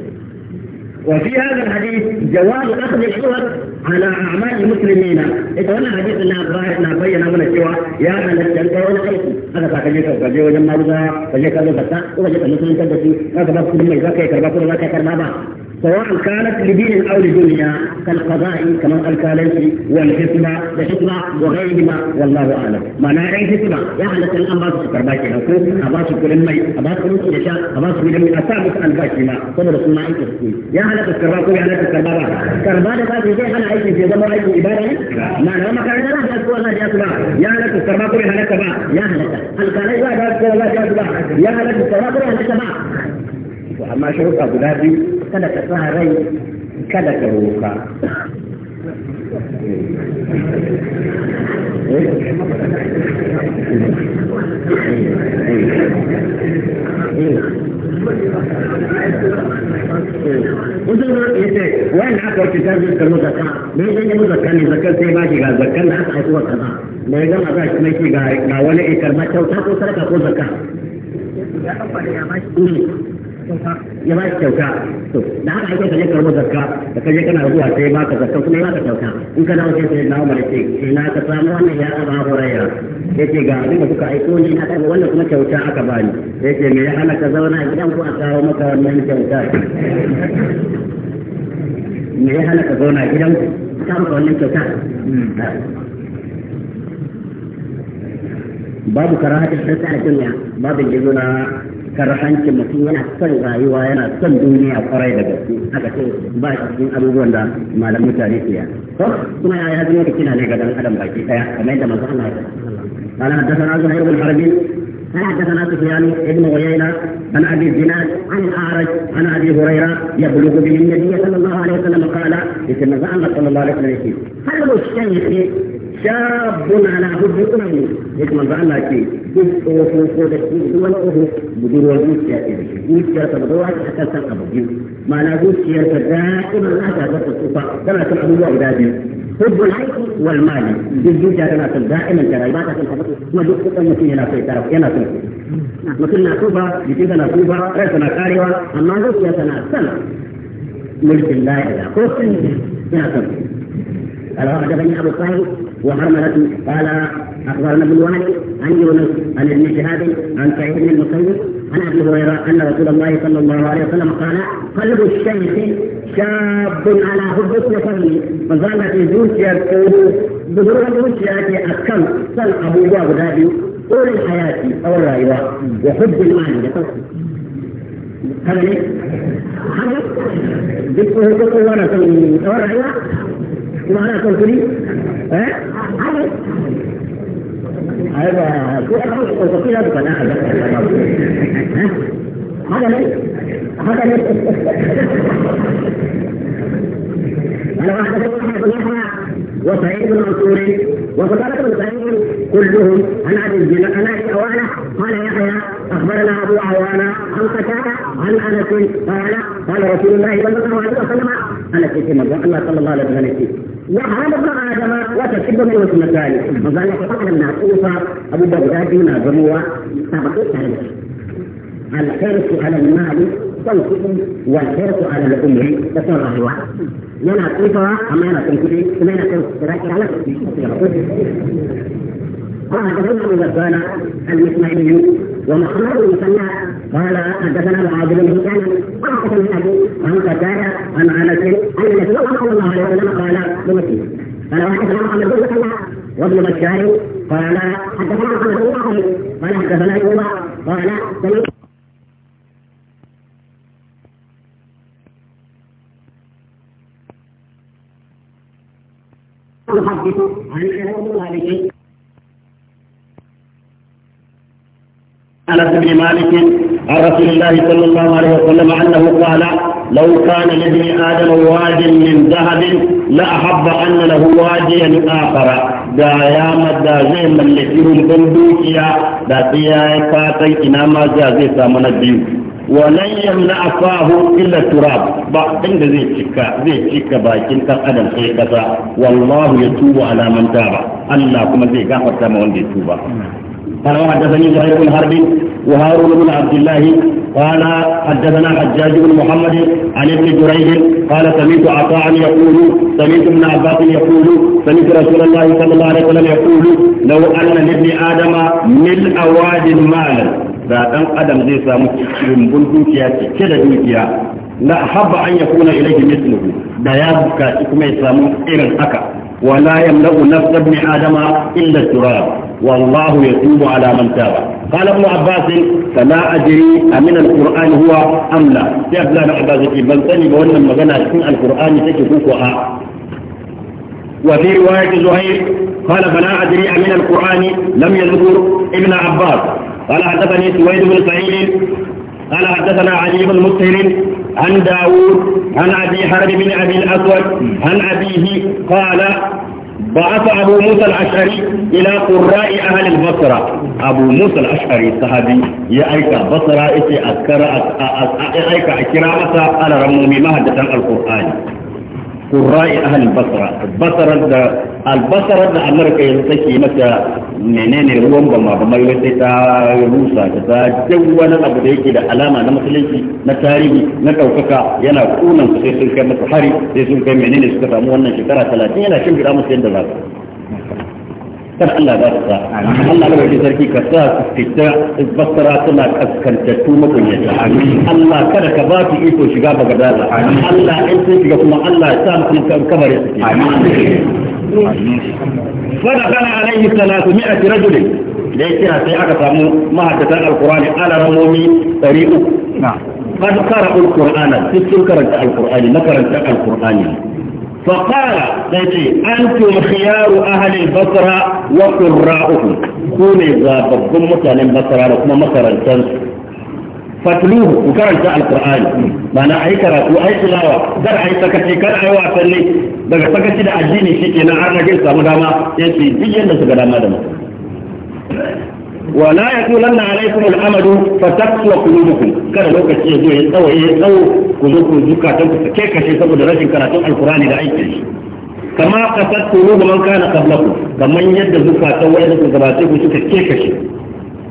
وفي هذا الحديث جواب أخذ الصور على أعمال المسلمين إذا أنا حديث الله الظاهر بين من السوى يا أهل الجنة وأنا خلقي هذا فاكجيك وفاكجيك وجمع رضا فاكجيك وفاكجيك وفاكجيك وفاكجيك وفاكجيك وفاكجيك وفاكجيك وفاكجيك وفاكجيك وفاكجيك وفاكجيك وفاكجيك وفاكجيك سواء كانت لدين او لدنيا كالقضاء كما قال كالنسي والحكمه والحكمه وغيرهما والله اعلم ما اي حكمه يا ما الامر باكي نقول اباس كل مي اباس كل شيء اباس المي مي اسابس باكي ما ثم رسول الله يقول يا حلت الكرباكي يا حلت الكرباكي كرباكي بعد زي انا عايش في عايش عايز عباده ما انا ما كان انا حلت والله يا سبحان يا حلت الكرباكي يا حلت يا حلت الكالنسي يا حلت الكرباكي يا حلت الكرباكي يا حلت وأما شروطها بلادي kada ka sa rai kada ka roka Wasu ya ba shi kyauta to da haka ake kaje karbo zakka da kaje kana zuwa sai ba ka zakka kuma ya ba kyauta in ka dawo sai sai na umar ce sai eh, na ka samu wannan ya aba horaira yace ga abin da kuka aiko ni na karbo wannan kuma kyauta aka bani yace me ya hana ka zauna a gidan ku a kawo maka wannan kyauta me ya hana ka zauna a gidan ku a kawo maka wannan kyauta hmm. babu babu karhancin mutum yana son rayuwa yana son duniya kwarai da gaske haka ce ba shi cikin abubuwan da malam mutane ke yana ko kuma ya zama ka kina ne ga dan adam baki daya kamar yadda manzo Allah ya قال حدثنا زهير بن حرب قال حدثنا سفيان بن عيينة عن أبي الزناد عن الأعرج عن أبي هريرة يبلغ به النبي صلى الله عليه وسلم قال يتنزع الله صلى الله عليه وسلم هل الشيخ شاب على حب أمي يكما بعلا كي بس أوفو فوضة كي ولا أوفو بدون وجود شاكر وجود شاكر بدوا حتى تلقى بجيب ما لا وجود شاكر دائما لا تعرف الصفة كما تلقى الله دائما حب العيش والمال بالجوجة كما تلقى دائما ترى ما تلقى ما دقت أن يكون هنا في طرف هنا في mutum na tuba jikinsa na tuba ransa na karewa amma zuciyarsa na sana mulkin la'ila ko sun yana son قال بني ابو الطاهر وحرملة قال اخبرنا ابن الوالد عن يونس عن ابن شهاب عن سعيد بن المسيب عن ابي هريره ان رسول الله صلى الله عليه وسلم قال قلب الشمس شاب على حب اثنتين فظلت تقول بدون زوجته الكم بل ابو باب دابي طول الحياة أو الرأيوة وحب المال هذا ليه؟ هذا بيته كله ولا أو انا قلت لي ها عرض هذا في أخذ هذا هذا أنا واحد وسعيد بن سعيد كلهم عن ابي الجلاء عن ابي اوانه قال يحيى اخبرنا ابو عوانه عن قتاده عن انس قال قال رسول الله صلى الله عليه وسلم انا في مرة الله صلى الله عليه وسلم وهذا ابن ادم وتسب من وسمتان وقال يتقبل المعقوفه ابو بغداد ما زموا سبقت الحرص على المال تنقصه والحرص على الامه تصرف واحد لنا كيفها امانه كتب سمعنا كيف تراكي على كتب وهكذا اذا كان المسمعي ومحمد المسمى قال حدثنا معاذ بن هشام وحدثنا الهادي عن قتاده عن انس ان النبي صلى الله عليه وسلم قال لمسلم قال حدثنا محمد بن مسلم وابن بشار قال حدثنا محمد بن واحد قال حدثنا ايوب قال سمعت يحدث عن كلام الله انس بن مالك عن رسول الله صلى الله عليه وسلم انه قال لو كان لابن ادم واد من ذهب لاحب ان له واديا اخر دا يا مدى زي من لكيه البندوكيا دا سيا يفاتي انما جازي سامنا الدين ولن يمنع فاه الا التراب بعد ذي تشكا ذي تشكا باكين كقدم في والله يتوب على من تاب الله كما زي كان قدام وندي قال وحدثني زهير بن حرب وهارون بن عبد الله قال حدثنا حجاج بن محمد عن ابن جريج قال سمعت عطاء يقول سمعت ابن عباس يقول سمعت رسول الله صلى الله عليه وسلم يقول لو ان لابن ادم ملء واد مالا da ادم زي zai samu rumbun dukiya cike لا dukiya ان يكون اليه مثله ilayhi mithluhu da ya bukaci kuma ya samu irin haka wala yamlaku والله يتوب على من تاب قال ابن عباس فلا أدري أمن القرآن هو أم لا يا ابن عباس في بل سني بقول لما قال القرآن تكفوك وفي رواية زهير قال فلا أدري أمن القرآن لم يذكر ابن عباس قال حدثني سويد بن سعيد قال حدثنا علي بن مسهر عن داوود عن أبي حرب بن أبي الأسود عن أبيه قال بعث أبو موسى الأشعري إلى قراء أهل البصرة أبو موسى الأشعري الصحابي يا أيكا بصرة إتي أذكر أيكا أكرامة على رمومي مهدة القرآن kurai ahli basra basra da albasra da amurka yanzu take mata menene ruwan ba ma ba mai sai ta rusa ta ta duk wani abu da yake da alama na musulunci na tarihi na daukaka yana kunan sai sun kai masa hari sai sun kai menene suka samu wannan shekara 30 yana shin gida musu yanda za su kar Allah ba ta Allah ba ta sarki ka sa su fita basara suna kaskantattu makunyata Allah kada ka ba su iko shiga ba ga bagadaza Allah in sun shiga kuma Allah ya sa mutum kabari su فدخل عليه ثلاثمائة رجل ليس sai aka samu mahaddatan alqur'ani ala ramomi 300 na qad qara'u alqur'ana sun karanta alqur'ani na karanta alqur'ani فقال سيدي أنتم خيار أهل البصرة وقراؤهم كوني ذا مثلا البصرة وكما مصر الشمس فاتلوه وكان القرآن معنى أي كراتو أي تلاوة در أي سكتي كان أي واسل لي بقى سكتي دا أجيني شيء أنا أرنا جلسة مداما يسي بيجين نسو قدام مداما ولا يقول أن عليكم الأمد فتكسو قلوبكم كان لوكا شيء جوه يتوه يتوه ku zo ku zukatan ku sake kashe saboda rashin karatun alkurani da aikin shi kama kasar turu da man kana kablaku kamar yadda zukatan wanda ku gabace ku suka ke kashe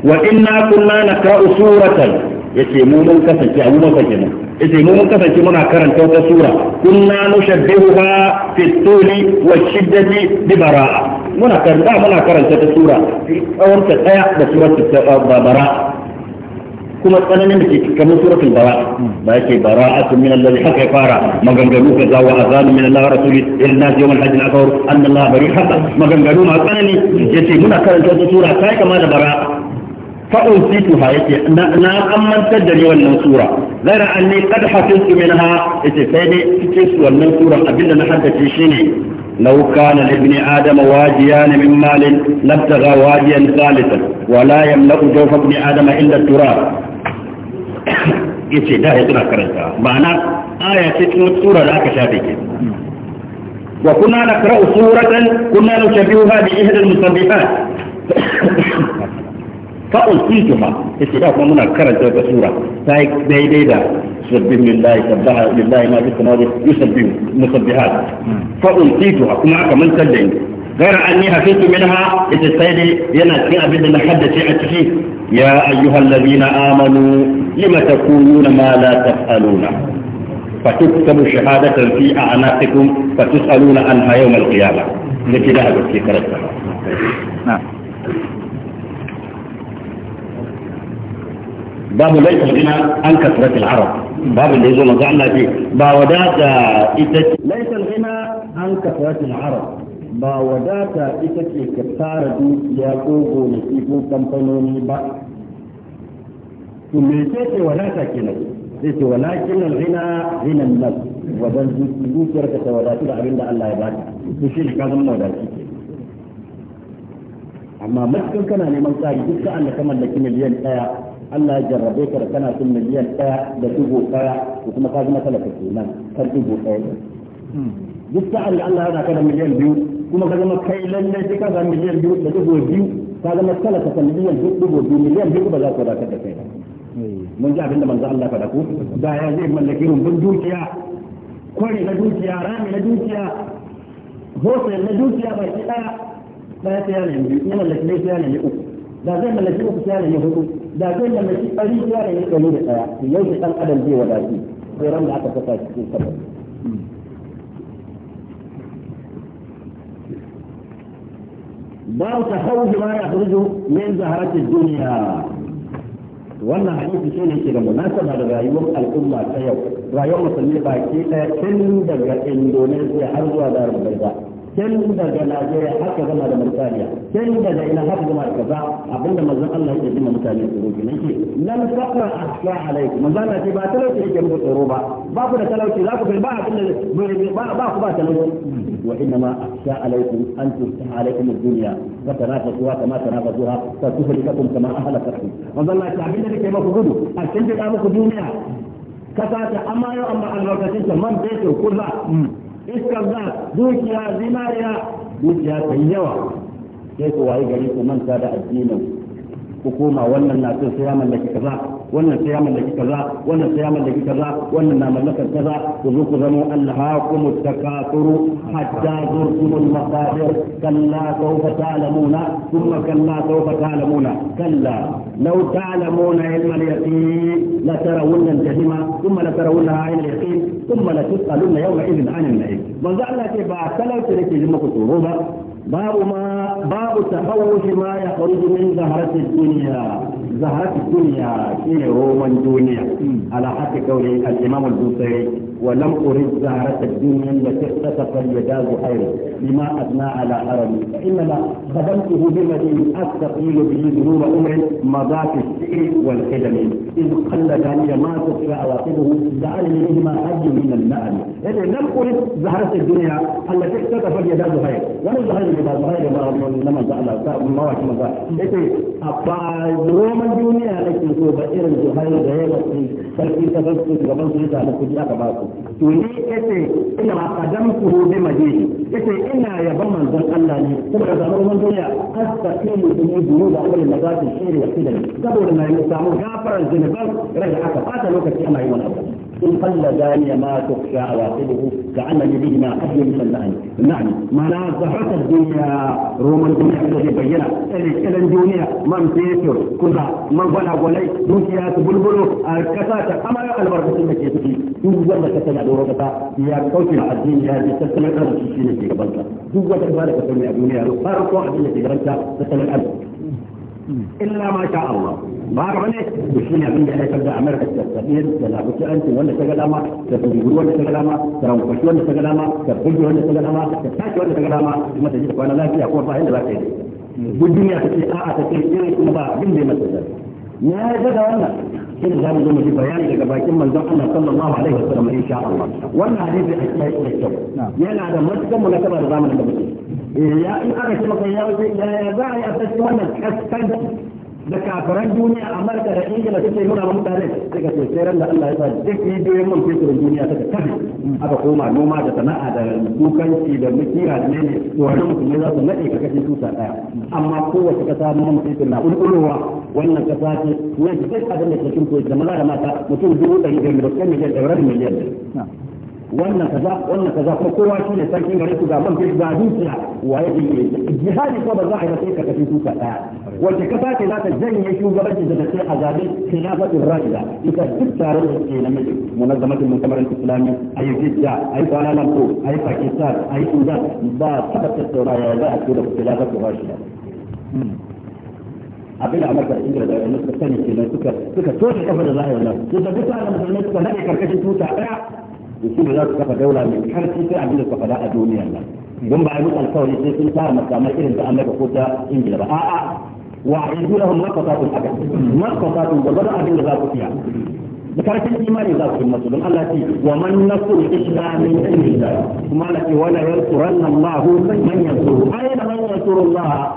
wa inna kunna nakra'u suratan yace mu mun kasance a abu maka kenan yace mu mun kasance muna karanta wata sura kunna nushabbihuha fi tuli wa shiddati bi bara'a muna karanta muna karanta ta sura tsawon ta daya da surat ta bara'a kuma tsananin da ke kamar suratul bara ba yake bara'atun min allazi haka fara maganganu ka zawo azan min allahi rasuli irin nas yawmal hajj al akbar anna allaha bari haka maganganu ma tsanani yace muna karanta ta sura ta kama da bara fa ulfitu ha yace na amantar da ni wannan sura anni hafiztu غير أني قد حفظت منها اتفادي تكس والمنصورة أبدا نحدث shine لو كان لابن آدم واجيان من مال لابتغى واجيا ثالثا ولا يملأ جوف ابن آدم إلا التراب ya ce da ya suna karanta ma'ana aya ce cikin tsura da aka shafe ke wa kuna na kara suratan kuna na shabihu ha bi ihdal musabbihat fa ulqituha yace da kuma muna karanta da sura sai daidai da sabbin lillahi sabbaha lillahi ma fi samawati yusabbihu musabbihat fa ulqituha kuma aka mantar da ni غير أني حفظت منها إذ السيد ينسي أبدا حدثي أتفي يا أيها الذين آمنوا لما تقولون ما لا تفعلون فتكتب شهادة في أعناقكم فتسألون عنها يوم القيامة لكن هذا في كرسة نعم باب ليس الغنى عن كثرة العرب باب اللي يزول نزعنا فيه باودات إتت ليس الغنى عن كثرة العرب باودات إتت كثارة يا أوغو نسيبو كمتنوني بأ to me ce ce wadata kenan zai ce walakin al-ghina ghina an-nas wa dan zuciyar ka ta wadatu da abinda Allah ya baka to shi ne ka zama wadaci amma matukan kana neman tsari duk sa'an da ka mallaki miliyan ɗaya Allah ya jarrabe ka kana son miliyan ɗaya da dubu ɗaya ko kuma ka zama talaka kenan kan dubu ɗaya ɗin. Duk sa'ar da Allah ya ka da miliyan biyu kuma ka zama kai lalle sai ka zama miliyan biyu da dubu biyu ka zama talaka ka miliyan dubu biyu miliyan biyu ba za ku dakar da kai ba. mun ji abin da manzo Allah faɗa ko da ya zai mallaki rumbun dukiya kwari na dukiya rami na dukiya hosai na dukiya bai ki ɗaya ɗaya sai ya nemi ya mallaki ne sai ya nemi uku da zai mallaki uku sai ya nemi hudu da zai mallaki ɗari sai ya nemi ɗari da ɗaya yau da ɗan adam zai wadatu sai ran da aka saka shi cikin sabon باب تخوف ما يخرج من زهرة الدنيا wannan hadisi shi ne ke da munasaba da rayuwar al'umma ta yau rayuwar musulmi baki ɗaya tun daga indonesiya har zuwa da rubuta tun daga Najeriya har ka gama da Mauritania tun daga ina har gama da kaza abinda manzon Allah yake jima mutane tsoro ki nake lan faqra ahya alaikum manzon Allah ce ba talauci yake muku tsoro ba ba ku da talauci za ku ba abin da ba ba ku ba talauci wa inna ma ahya alaikum an tuftah alaikum ad-dunya wa tanafasuha kama tanafasuha fa tuhlikakum kama ahlakatkum manzon Allah ce abinda nake muku gudu a cikin da muku duniya kasa ta amma yau amma albarkacin ta man fetur kuza iskar da dukiya zinariya dukiya ta yi yawa sai ku wayi gari ku manta da addinin ku koma wannan na so sai ya mallaki kaza wannan sai ya mallaki kaza wannan sai ya mallaki kaza wannan na mallakar kaza ku zo ku zama Allah hakum takasuru hatta zurtumul maqabir kalla sawfa ta'lamuna thumma kalla sawfa ta'lamuna kalla law ta'lamuna ilma al-yaqin la tarawunna al-jahima thumma la tarawunna 'ayna al-yaqin ثم تسألون يومئذ عن النعيم من ذا الله كيف أعتلوت لك جمك صعوبة باب ما باب تخوف ما يخرج من زهرة الدنيا زهرة الدنيا في روما دنيا على حق قول الإمام البوصيري ولم أرد زهرة الدنيا التي اختفت اليدا زهير لما أثنى على حرمي فإنما خدمته بمدي أستقيل به ذنوب أمر مضى في والخدم والقدم إذ قل ذلك ما تخفى عواقبه جعل بهما حج من النعم يعني لم أرد زهرة الدنيا التي اختطف اليدا زهير ولا زهير اليدا زهير لما زعل مواك مضى يقول أبا روما الدنيا التي هو بئر زهير غير sarki ta san su gaban su da na kudi aka ba su to ni yace ina ku hobe madini yace ina yaban manzon Allah ne kuma da zaman mun duniya da Allah dunuba wal magati shiri da kidan saboda na yi samu gafaran zinuban rage aka fata lokaci ana yi wannan إن قل ذلي ما تخشى عواقبه كعمل ما قبل مسلحا نعم ما لا صحت الدنيا روما الدنيا الذي بينا إلى الدنيا من سيسر كلها من ولا ولي دنيا تبلبلو كساتا أما البركة التي تجي duk wanda ka tana da يا ya kauce a addini ya ji tattalin arziki shi ne ke gabanta duk wanda واحد fara ka sani a duniya إلا ما شاء الله ما رأني بشينا من أنا تبدا أمريكا تستفيد ولا بس أنت ولا تقلما تفجر ولا ترى تروح ولا تقلما تفجر ولا تقلما تفتح ولا تقلما ما تجيب وأنا لا في أقوى فاهم لا في بالدنيا تسيء آه تسيء كل ما بندي مثلا يا جدع ولا كده زي ما في بيان daga bakin manzon Allah sallallahu alaihi wasallam insha Allah wannan hadisi a cikin kyau yana da matakan munasaba da zamanin da muke ya in aka ce maka ya wuce ya za a yi a sassi wannan kaskan da kafiran duniya amurka da ingila suke nuna wa mutane daga tseren da allah ya sa duk bidiyoyin man fesirin duniya suka tafi aka koma noma da sana'a da dukanci da mukira da ne to wani musulmi za su naɗe ka kashe tuta ɗaya amma kowace kasa na man fesir na ƙulƙulowa wannan kasa ce na duk abin da ke cin da maza da mata mutum dubu ɗari da miliyan da miliyan da wannan kaza wannan kaza kuma kowa shi ne sarkin gare ku ga man kai ga dukiya waye jihadi ko ba za a yi sai ka tafi tuka daya wace kasa ce za ta janye shugabanci da take a zabe khilafatul rashida ita duk taron da ke nan munazzamatul mutamarin islami a Egyptia a yi Kuala Lumpur a yi Pakistan a yi Sudan ba taba tattauna ya za a ce da khilafatul rashida abin da amurka da ingila da yanzu suka sani kenan suka suka toshe kafa da zahiri nan yadda duk sa'an da musulmai suka nade karkashin tuta daya يكون هناك كفا دولة من كان في فعلا من كفا لا أدوني الله يوم بعد نقل صوري في سنة مسامة إلن تأمك قوتا إنجل بقى آآ آه، آه. وعيدوا لهم نقصات الحاجة نقصات وبدأ بالغاية فيها ذكرت الإيمان إذا في المسجد الله تي ومن نصر إلا من عند الله ثم لك ولا ينصرن الله من ينصره أين من ينصر الله؟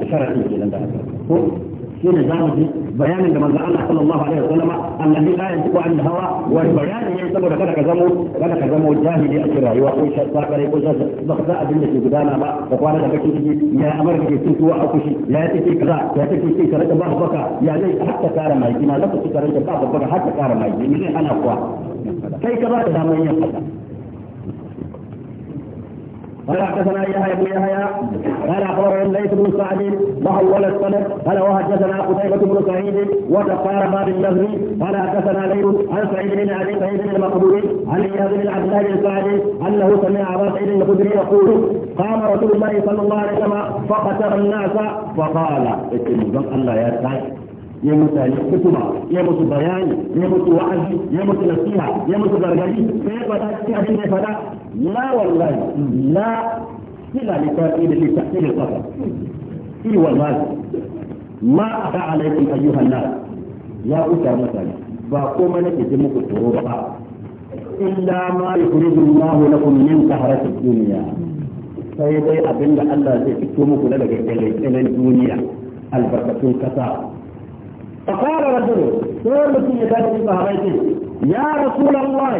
ذكرت الإيمان إذا في المسجد شنو زامن بيان لما الله صلى الله عليه وسلم الذي لا ينطق عن الهوى والبيان ينطق يعني كذا كزمو كذا كزمو جاهلي أكرا يوقف ساكر يقول بخزاء بالنسبة قدانا ما وقال لك كيشي يا أمر كيشي هو أكشي لا تكي كذا لا تكي كي كرت بعض بكا يا لي حتى كار ما يجي ما لا تكي بعض بكا حتى كار ما يجي أنا أقوى كيف كذا ما ينفع قال حدثنا يحيى بن يحيى قال اخبرنا ليس بن سعد له ولد السند قال وحدثنا قتيبة بن سعيد وتقارب باللفظ قال حدثنا ليل عن سعيد بن ابي سعيد المقبول عن اياد بن عبد الله بن سعد انه سمع ابا سعيد الخدري يقول قام رسول الله صلى الله عليه وسلم فقتل الناس فقال اتقوا الله يا سعيد ya musu hikima ya musu bayani ya musu wa'azi ya musu nasiha ya musu gargadi sai ya faɗa cikin abin لا والله لا إلا لتأكيد في تحصيل القدر إي والله ما أتى عليكم أيها الناس يا أسر مثلا فقوم لك دمك الضرورة إلا ما يخرج الله لكم من سهرة الدنيا sai dai الله da Allah zai الدنيا البركة na فقال رجل سؤال في ذلك الصحابيك يا رسول الله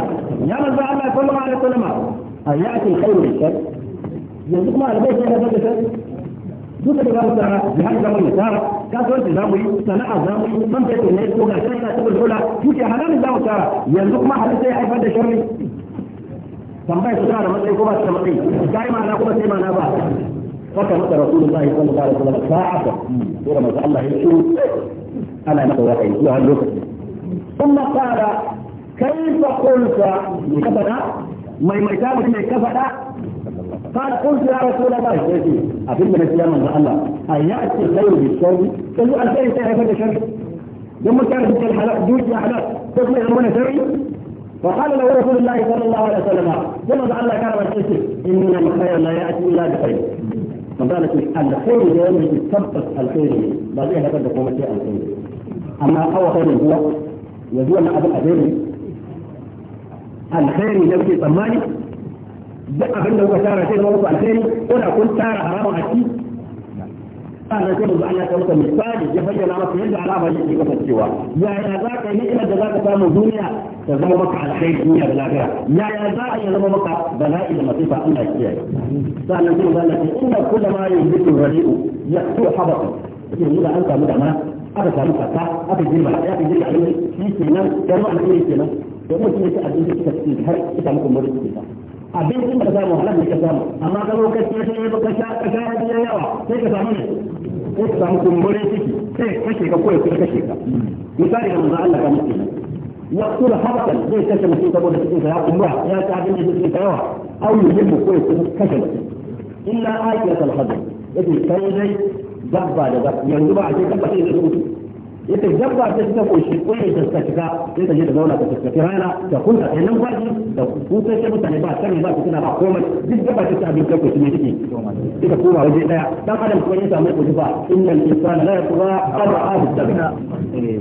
يا رضا الله صلى الله عليه وسلم أيأتي الخير بك يزيك ما لديك يا رسول الله دوك دوك دوك جهاز زمان يسار كاسو انت زامي سنع زامي من تيت الناس وغا شاينا تقول الأولى يوك يا حرام الزام سار يزيك ما حدث يا حيفان دشري سنبعي سكارة ما تيكوبا السمقي كاري ما نعقوبا سيما نعبا فكرت رسول الله صلى الله عليه وسلم ساعة ورمز الله يشوف انا maka وحيد zuwa wani ثم قال كيف قلت كفتا ما يمتابك من كفدا قال قلت يا رسول الله أفيد من الإسلام أن الله يأتي الخير بالشر قالوا الخير سيحفظ الشر لما كان في الحلق دوش يا حلق تسمع لي أمون سري فقال له رسول الله صلى الله عليه وسلم لما جعل الله كان مسجد إن الخير لا يأتي إلا بخير فقالت الخير يوم تثبت الخير بعدين هتبقى قومتي الخير أما هو خير هو يزوى من أبو أزيري الخير يزوكي طماني دقا بنده وشارة شيء ووضع الخير ولا كل شارة حرام أشي قال رسول الله عليه الصلاة والسلام مثالي يفجر على رسول الله على رسول الله في السوا يا يا ذاك إلى جزاك سام الدنيا تزم مكة على خير الدنيا بالآخرة يا يا ذاك إلى زم مكة بلاء إلى مصيبة أن أشياء قال رسول الله إن كل ما يهبط الرديء يقتل حبطه إذا أنت مدعمات aka samu kasa aka girma ya aka girma ne shi kenan ya zama alheri kenan to mutum yake abinci suka ci har ya samu kuma rubutu ba abin da ka samu halal da ka samu amma ka zo ka ce ba ka sha ka sha ya yawa sai ka samu ne ko ka samu kumburin ciki sai kashe ka ko ya kashe ka misali da manzo Allah ka mutu يقتل حرقا ليس كما في تقول الحديث يا الله يا تعبين في سواء او يهم كويس كشف الا آية الحجر يجي كيدي dabba da dabba yanzu ba a ce dabba sai da mutu yace dabba ta ta koshi kullum ta ta shiga sai ta je ta zauna ta tafi rana ta kunta ta nan baki da kusan shi mutane ba sani ba su tana ba komai duk dabba ta abin ta koshi ne take duka koma waje daya dan adam ko ya samu kuji ba innal insana la yaqwa qara'a bi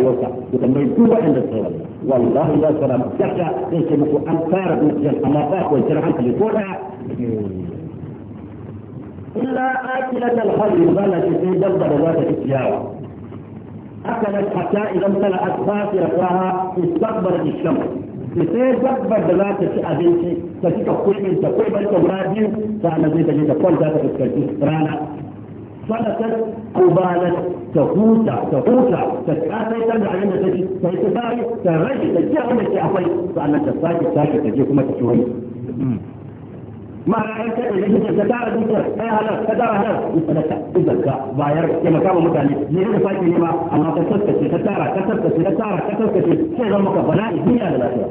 يوسع يقول ما يدوب عند الخير والله يا سلام الزحجة ليس مكو أنفار بمثل الحماقات والجرحة اللي فورا إلا آكلة الحر بل جسي دبر ذات إسياوة أكلت حتى إذا امتلأت فاتي أفراها استقبر الشمس بسير دبر ذات أبنتي فتي تقوي من تقوي بل تبرادين فأنا زيدا جيدا كل ذات إسكالتي سترانا فلتت قبالت تفوت تفوت تتعافي ترجع عند تجي تتباري ترجي تجي عند الشعفي فأنا تساكي ساكي تجي كما تشوي ما رأيك إليه تتعرض أنت أي هلا تدار هلا يسألك إذا كا باير كما كانوا مكاني ليه فاكي لما أما تسكت تتارا تسكت تتارا تسكت شيء غمك بناء الدنيا للأسف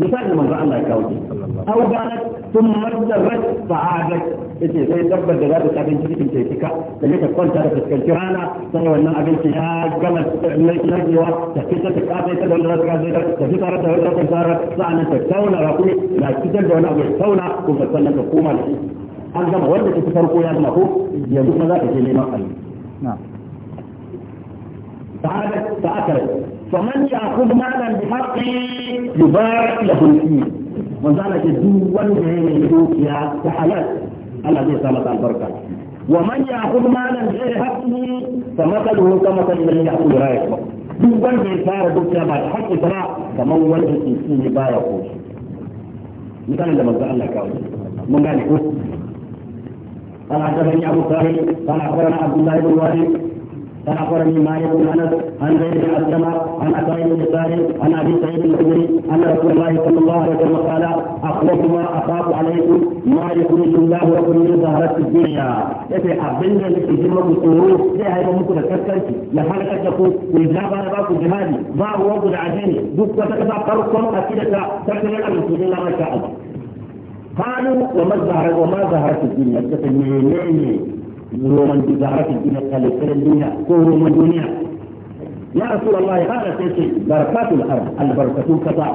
مثال من رأى الله يكاوتي أو قالت ثم ردت فعادت yace sai dabbar da za ta abinci cikin ta fika da ne ta kwanta da fuskanci rana sai wannan abinci ya gama lagewa ta fita ta kafa ta da wanda za ta kafa ta fita ta wanda ta fara sa'an ta tauna ra kuma na fitar da wani abu ya tauna ko ta sannan ta koma da shi an gama wanda ta farko ya gama ko yanzu kuma za ta je neman abinci na'am تعالت فأكلت فمن يأخذ مالا بحقه يبارك له فيه وذلك الدول بين الدوكيا وحلال Allah zai sa masa albarka wa man ya'khudh malan ghairi haqqihi fa mathaluhu kama man ya'khudh ra'ayah duk wanda ya fara dukiya ba da haƙƙi ba kamar wanda ke ci ne baya ko misalin da manzo Allah kawo mun gane ko قال حدثني ابو صالح قال اخبرنا عبد الله بن وهب فأخبرني مالك بن أنس عن زيد بن أسلم عن عطاء بن يسار عن أبي سعيد الخدري أن رسول الله صلى الله عليه وسلم قال أخوف ما أخاف عليكم إيه إيه ما يكون الله لكم من زهرة الدنيا اذا أبن لك جمع بصوره زي هاي ممكن تكسرك يا حالك تقول وإذا أنا باكو جهادي ما هو وجود عجيني دوك وتكتب فرقم أكيد تكتب لك الله ما شاء الله قالوا وما زهرة الدنيا تتمينيني إيه نورا ببركة إلى قلب الدنيا كوه من الدنيا يا رسول الله هذا تيسي بركات الأرض البركة كذا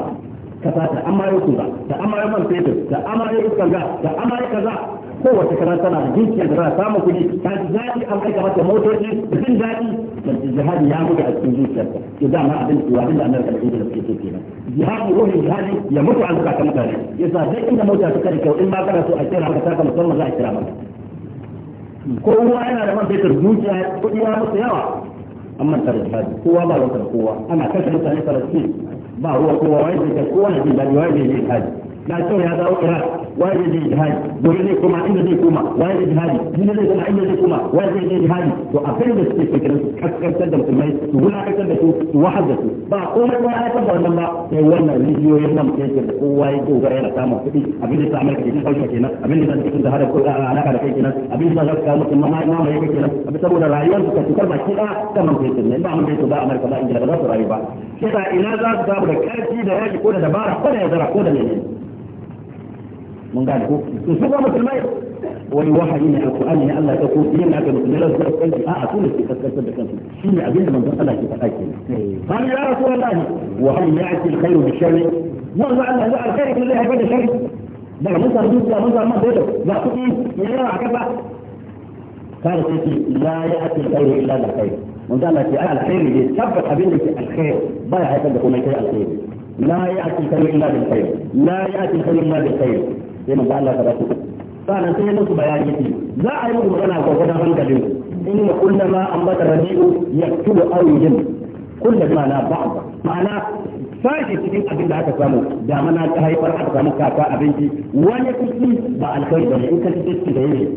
كذا أما يكذا أما يمر تيسي أما يكذا أما يكذا هو تكرار سنة جنس يدرى سامو كي كانت ذاتي أم أي كبات موتر بذن ذاتي كانت الزهاد يامد على سنجي السنة إذا ما أبنت وابن أمريكا بحيد لبكي تيسينا جهاد روحي الجهاد يموت عن ذكاك مكاري إذا ذاك إن موتر تكاري كو إن ما كان سوء السنة عن ذكاك مصر الله إسلامك kowa yana da mafi fetur dukiya kuɗi ya musu yawa amma tare da hadi kowa ba wata kowa ana kashe mutane falastin ba ruwa kowa wai da kowa na jin daɗi wai da jin hadi na kyau ya dawo iraq waye zai jihadi gobe zai koma inda zai koma waye zai jihadi inda zai koma inda zai koma waye zai zai jihadi to abin da suke fikirin su kaskantar da musulmai su wulakantar da su su wahal da su ba komai ba ya taba wannan ba sai wannan rijiyoyin nan ke da kowa ya dogara yana samun kuɗi abin da sa amurka ke cikin kenan abin da sa cikin da hada alaka da kai kenan abin da za ka kawo mutum mama mama yake kenan abin saboda rayuwar su ka cutar baki ɗaya kan man kai kenan ba mun kai su ba amurka ba ingila ba za su rayu ba kisa ina za su samu da ƙarfi da yaji ko da dabara ko da yazara ko da menene mun gane ko to su ba musulmai wani wahayi ne alqur'ani ne Allah ya ko yin aka musulmai da su kansu a su ne su kaskantar da kansu shine abin da manzon Allah ke faɗa ke kan ya rasulullah wa hal ya'ti alkhairu bi sharri wallahu Allah ya alkhairu kullu ya bada sharri daga mun samu dukiya mun samu da za ku yi ne yawa kaza قال سيدي لا يأتي الخير إلا الخير من قال لك الخير دي ثبت أبنك الخير ما يحتاج لكم الخير لا يأتي الخير إلا بالخير لا يأتي الخير إلا بالخير sai manzo Allah ta rasu sannan sai musu bayani ne za a yi muku magana gwagwadon hankalin inna kullama ambata rabi'u yaktubu aw yujin kullama la ba'd ma'ana sashi cikin abin da aka samu da mana ta haifar aka samu kaka abinci wani kuki ba alkhairi bane in ka cikin da yake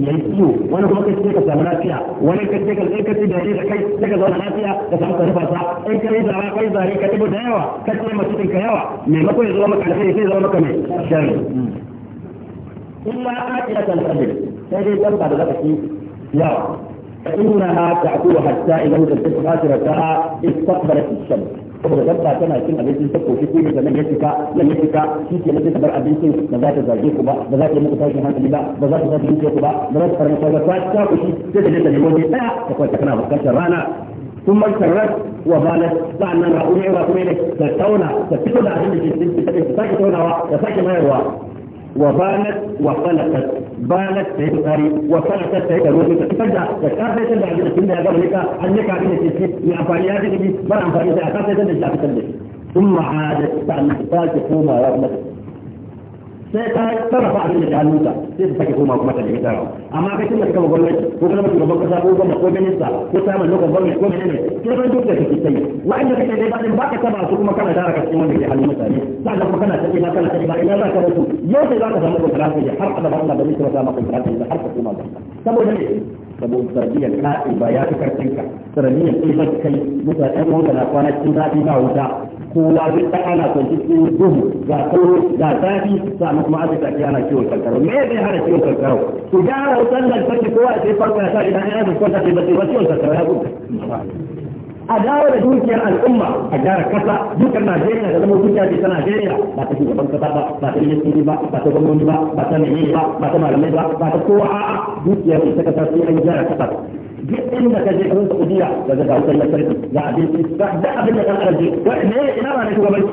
ya yi ciwo wani kuma kai ka samu lafiya wani kai ka kai ka ci da da kai sai ka zauna lafiya ka samu karfa sa in kai zara kai zare ka tabo da yawa ka ce mutum ka yawa mako ya zama maka alheri sai ya zama maka mai sharri illa akilatan qadr sai dai dabba da zaka ci yawa فإنها تعطوها حتى إذا وجدت آخر ساعة استقبلت الشمس وبدأت كما يكون أبي سن تقو في كل زمن يسكا لم يسكا في كل زمن تبر أبي سن بذات زاجي كبا بذات المقصود من هذا بذات بذات زاجي كبا بذات فرن كبا كاتا ثم شرت وبالت بعنا ما أولي وقولي بالت sai tsari wa kana ta sai da ruwa ta fitar da da ka sai da da tunda ya gaba ka an ne ka ne ce ni amfani ya ji ba amfani da ka sai da da fitar da ثم عادت فأنا تاكي قوما يوم sai ka sarrafa abin da hannunka sai ta sake koma kuma ta nemi tarawa amma kai tun da kama gwamnati ko kuma mutum gaban kasa ko gwamnati ko minista ko samun lokacin gwamnati ko menene kira ban duk da kake sai wa'anda kake dai ba ba ka saba su kuma kana tara ka cikin wanda ke hannun mutane sai kuma kana ta ina kana ta ina ina za ka rasu yau sai za ka samu kontrakta har abada Allah ba zai kira maka kontrakta har ka koma saboda ne saboda tarbiyyar ka'iba ya fi karfinka tarbiyyar ɗaya kai mutane ɗan wanka na kwana cikin zafi ba wuta kowa duk da ana kwanci cikin duhu ga kawo ga zafi sannan kuma aka tafi ana ciwon kankarau me zai hana ciwon kankarau ku gyara wutan lantarki kowa sai farko ya sa idan ya zuwa kwanta sai ba sai ciwon kankarau ya gudu a dawo da dukiyar al'umma a gyara kasa dukkan Najeriya da zama dukiya ce ta Najeriya ba ta shugaban kasa ba ba ta ministoci ba ba ta gwamnati ba ba ta menene ba ba ta malamai ba ba ta kowa a'a dukiyar ta kasa sai an gyara kasa duk inda ka je ka rinka udiya daga gasar lantarki ga abinci ga duk abin da kan arziki wai me ina ba na shugabanci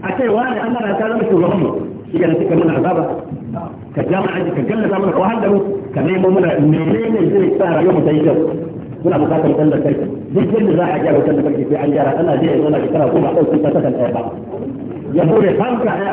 a ce wani an nana ta zama shugaban mu shi ga suka mana azaba ka ja mu aji ka gallaza mana ko hadda mu ka nemo mana menene zai sa rayuwar mu ta yi kyau muna bukatar wutar lantarki duk yadda za a gyara wutar lantarki sai an gyara ana je ya zauna shekara goma ɗauki ta sakan ɗaya ba ya bude fanka ya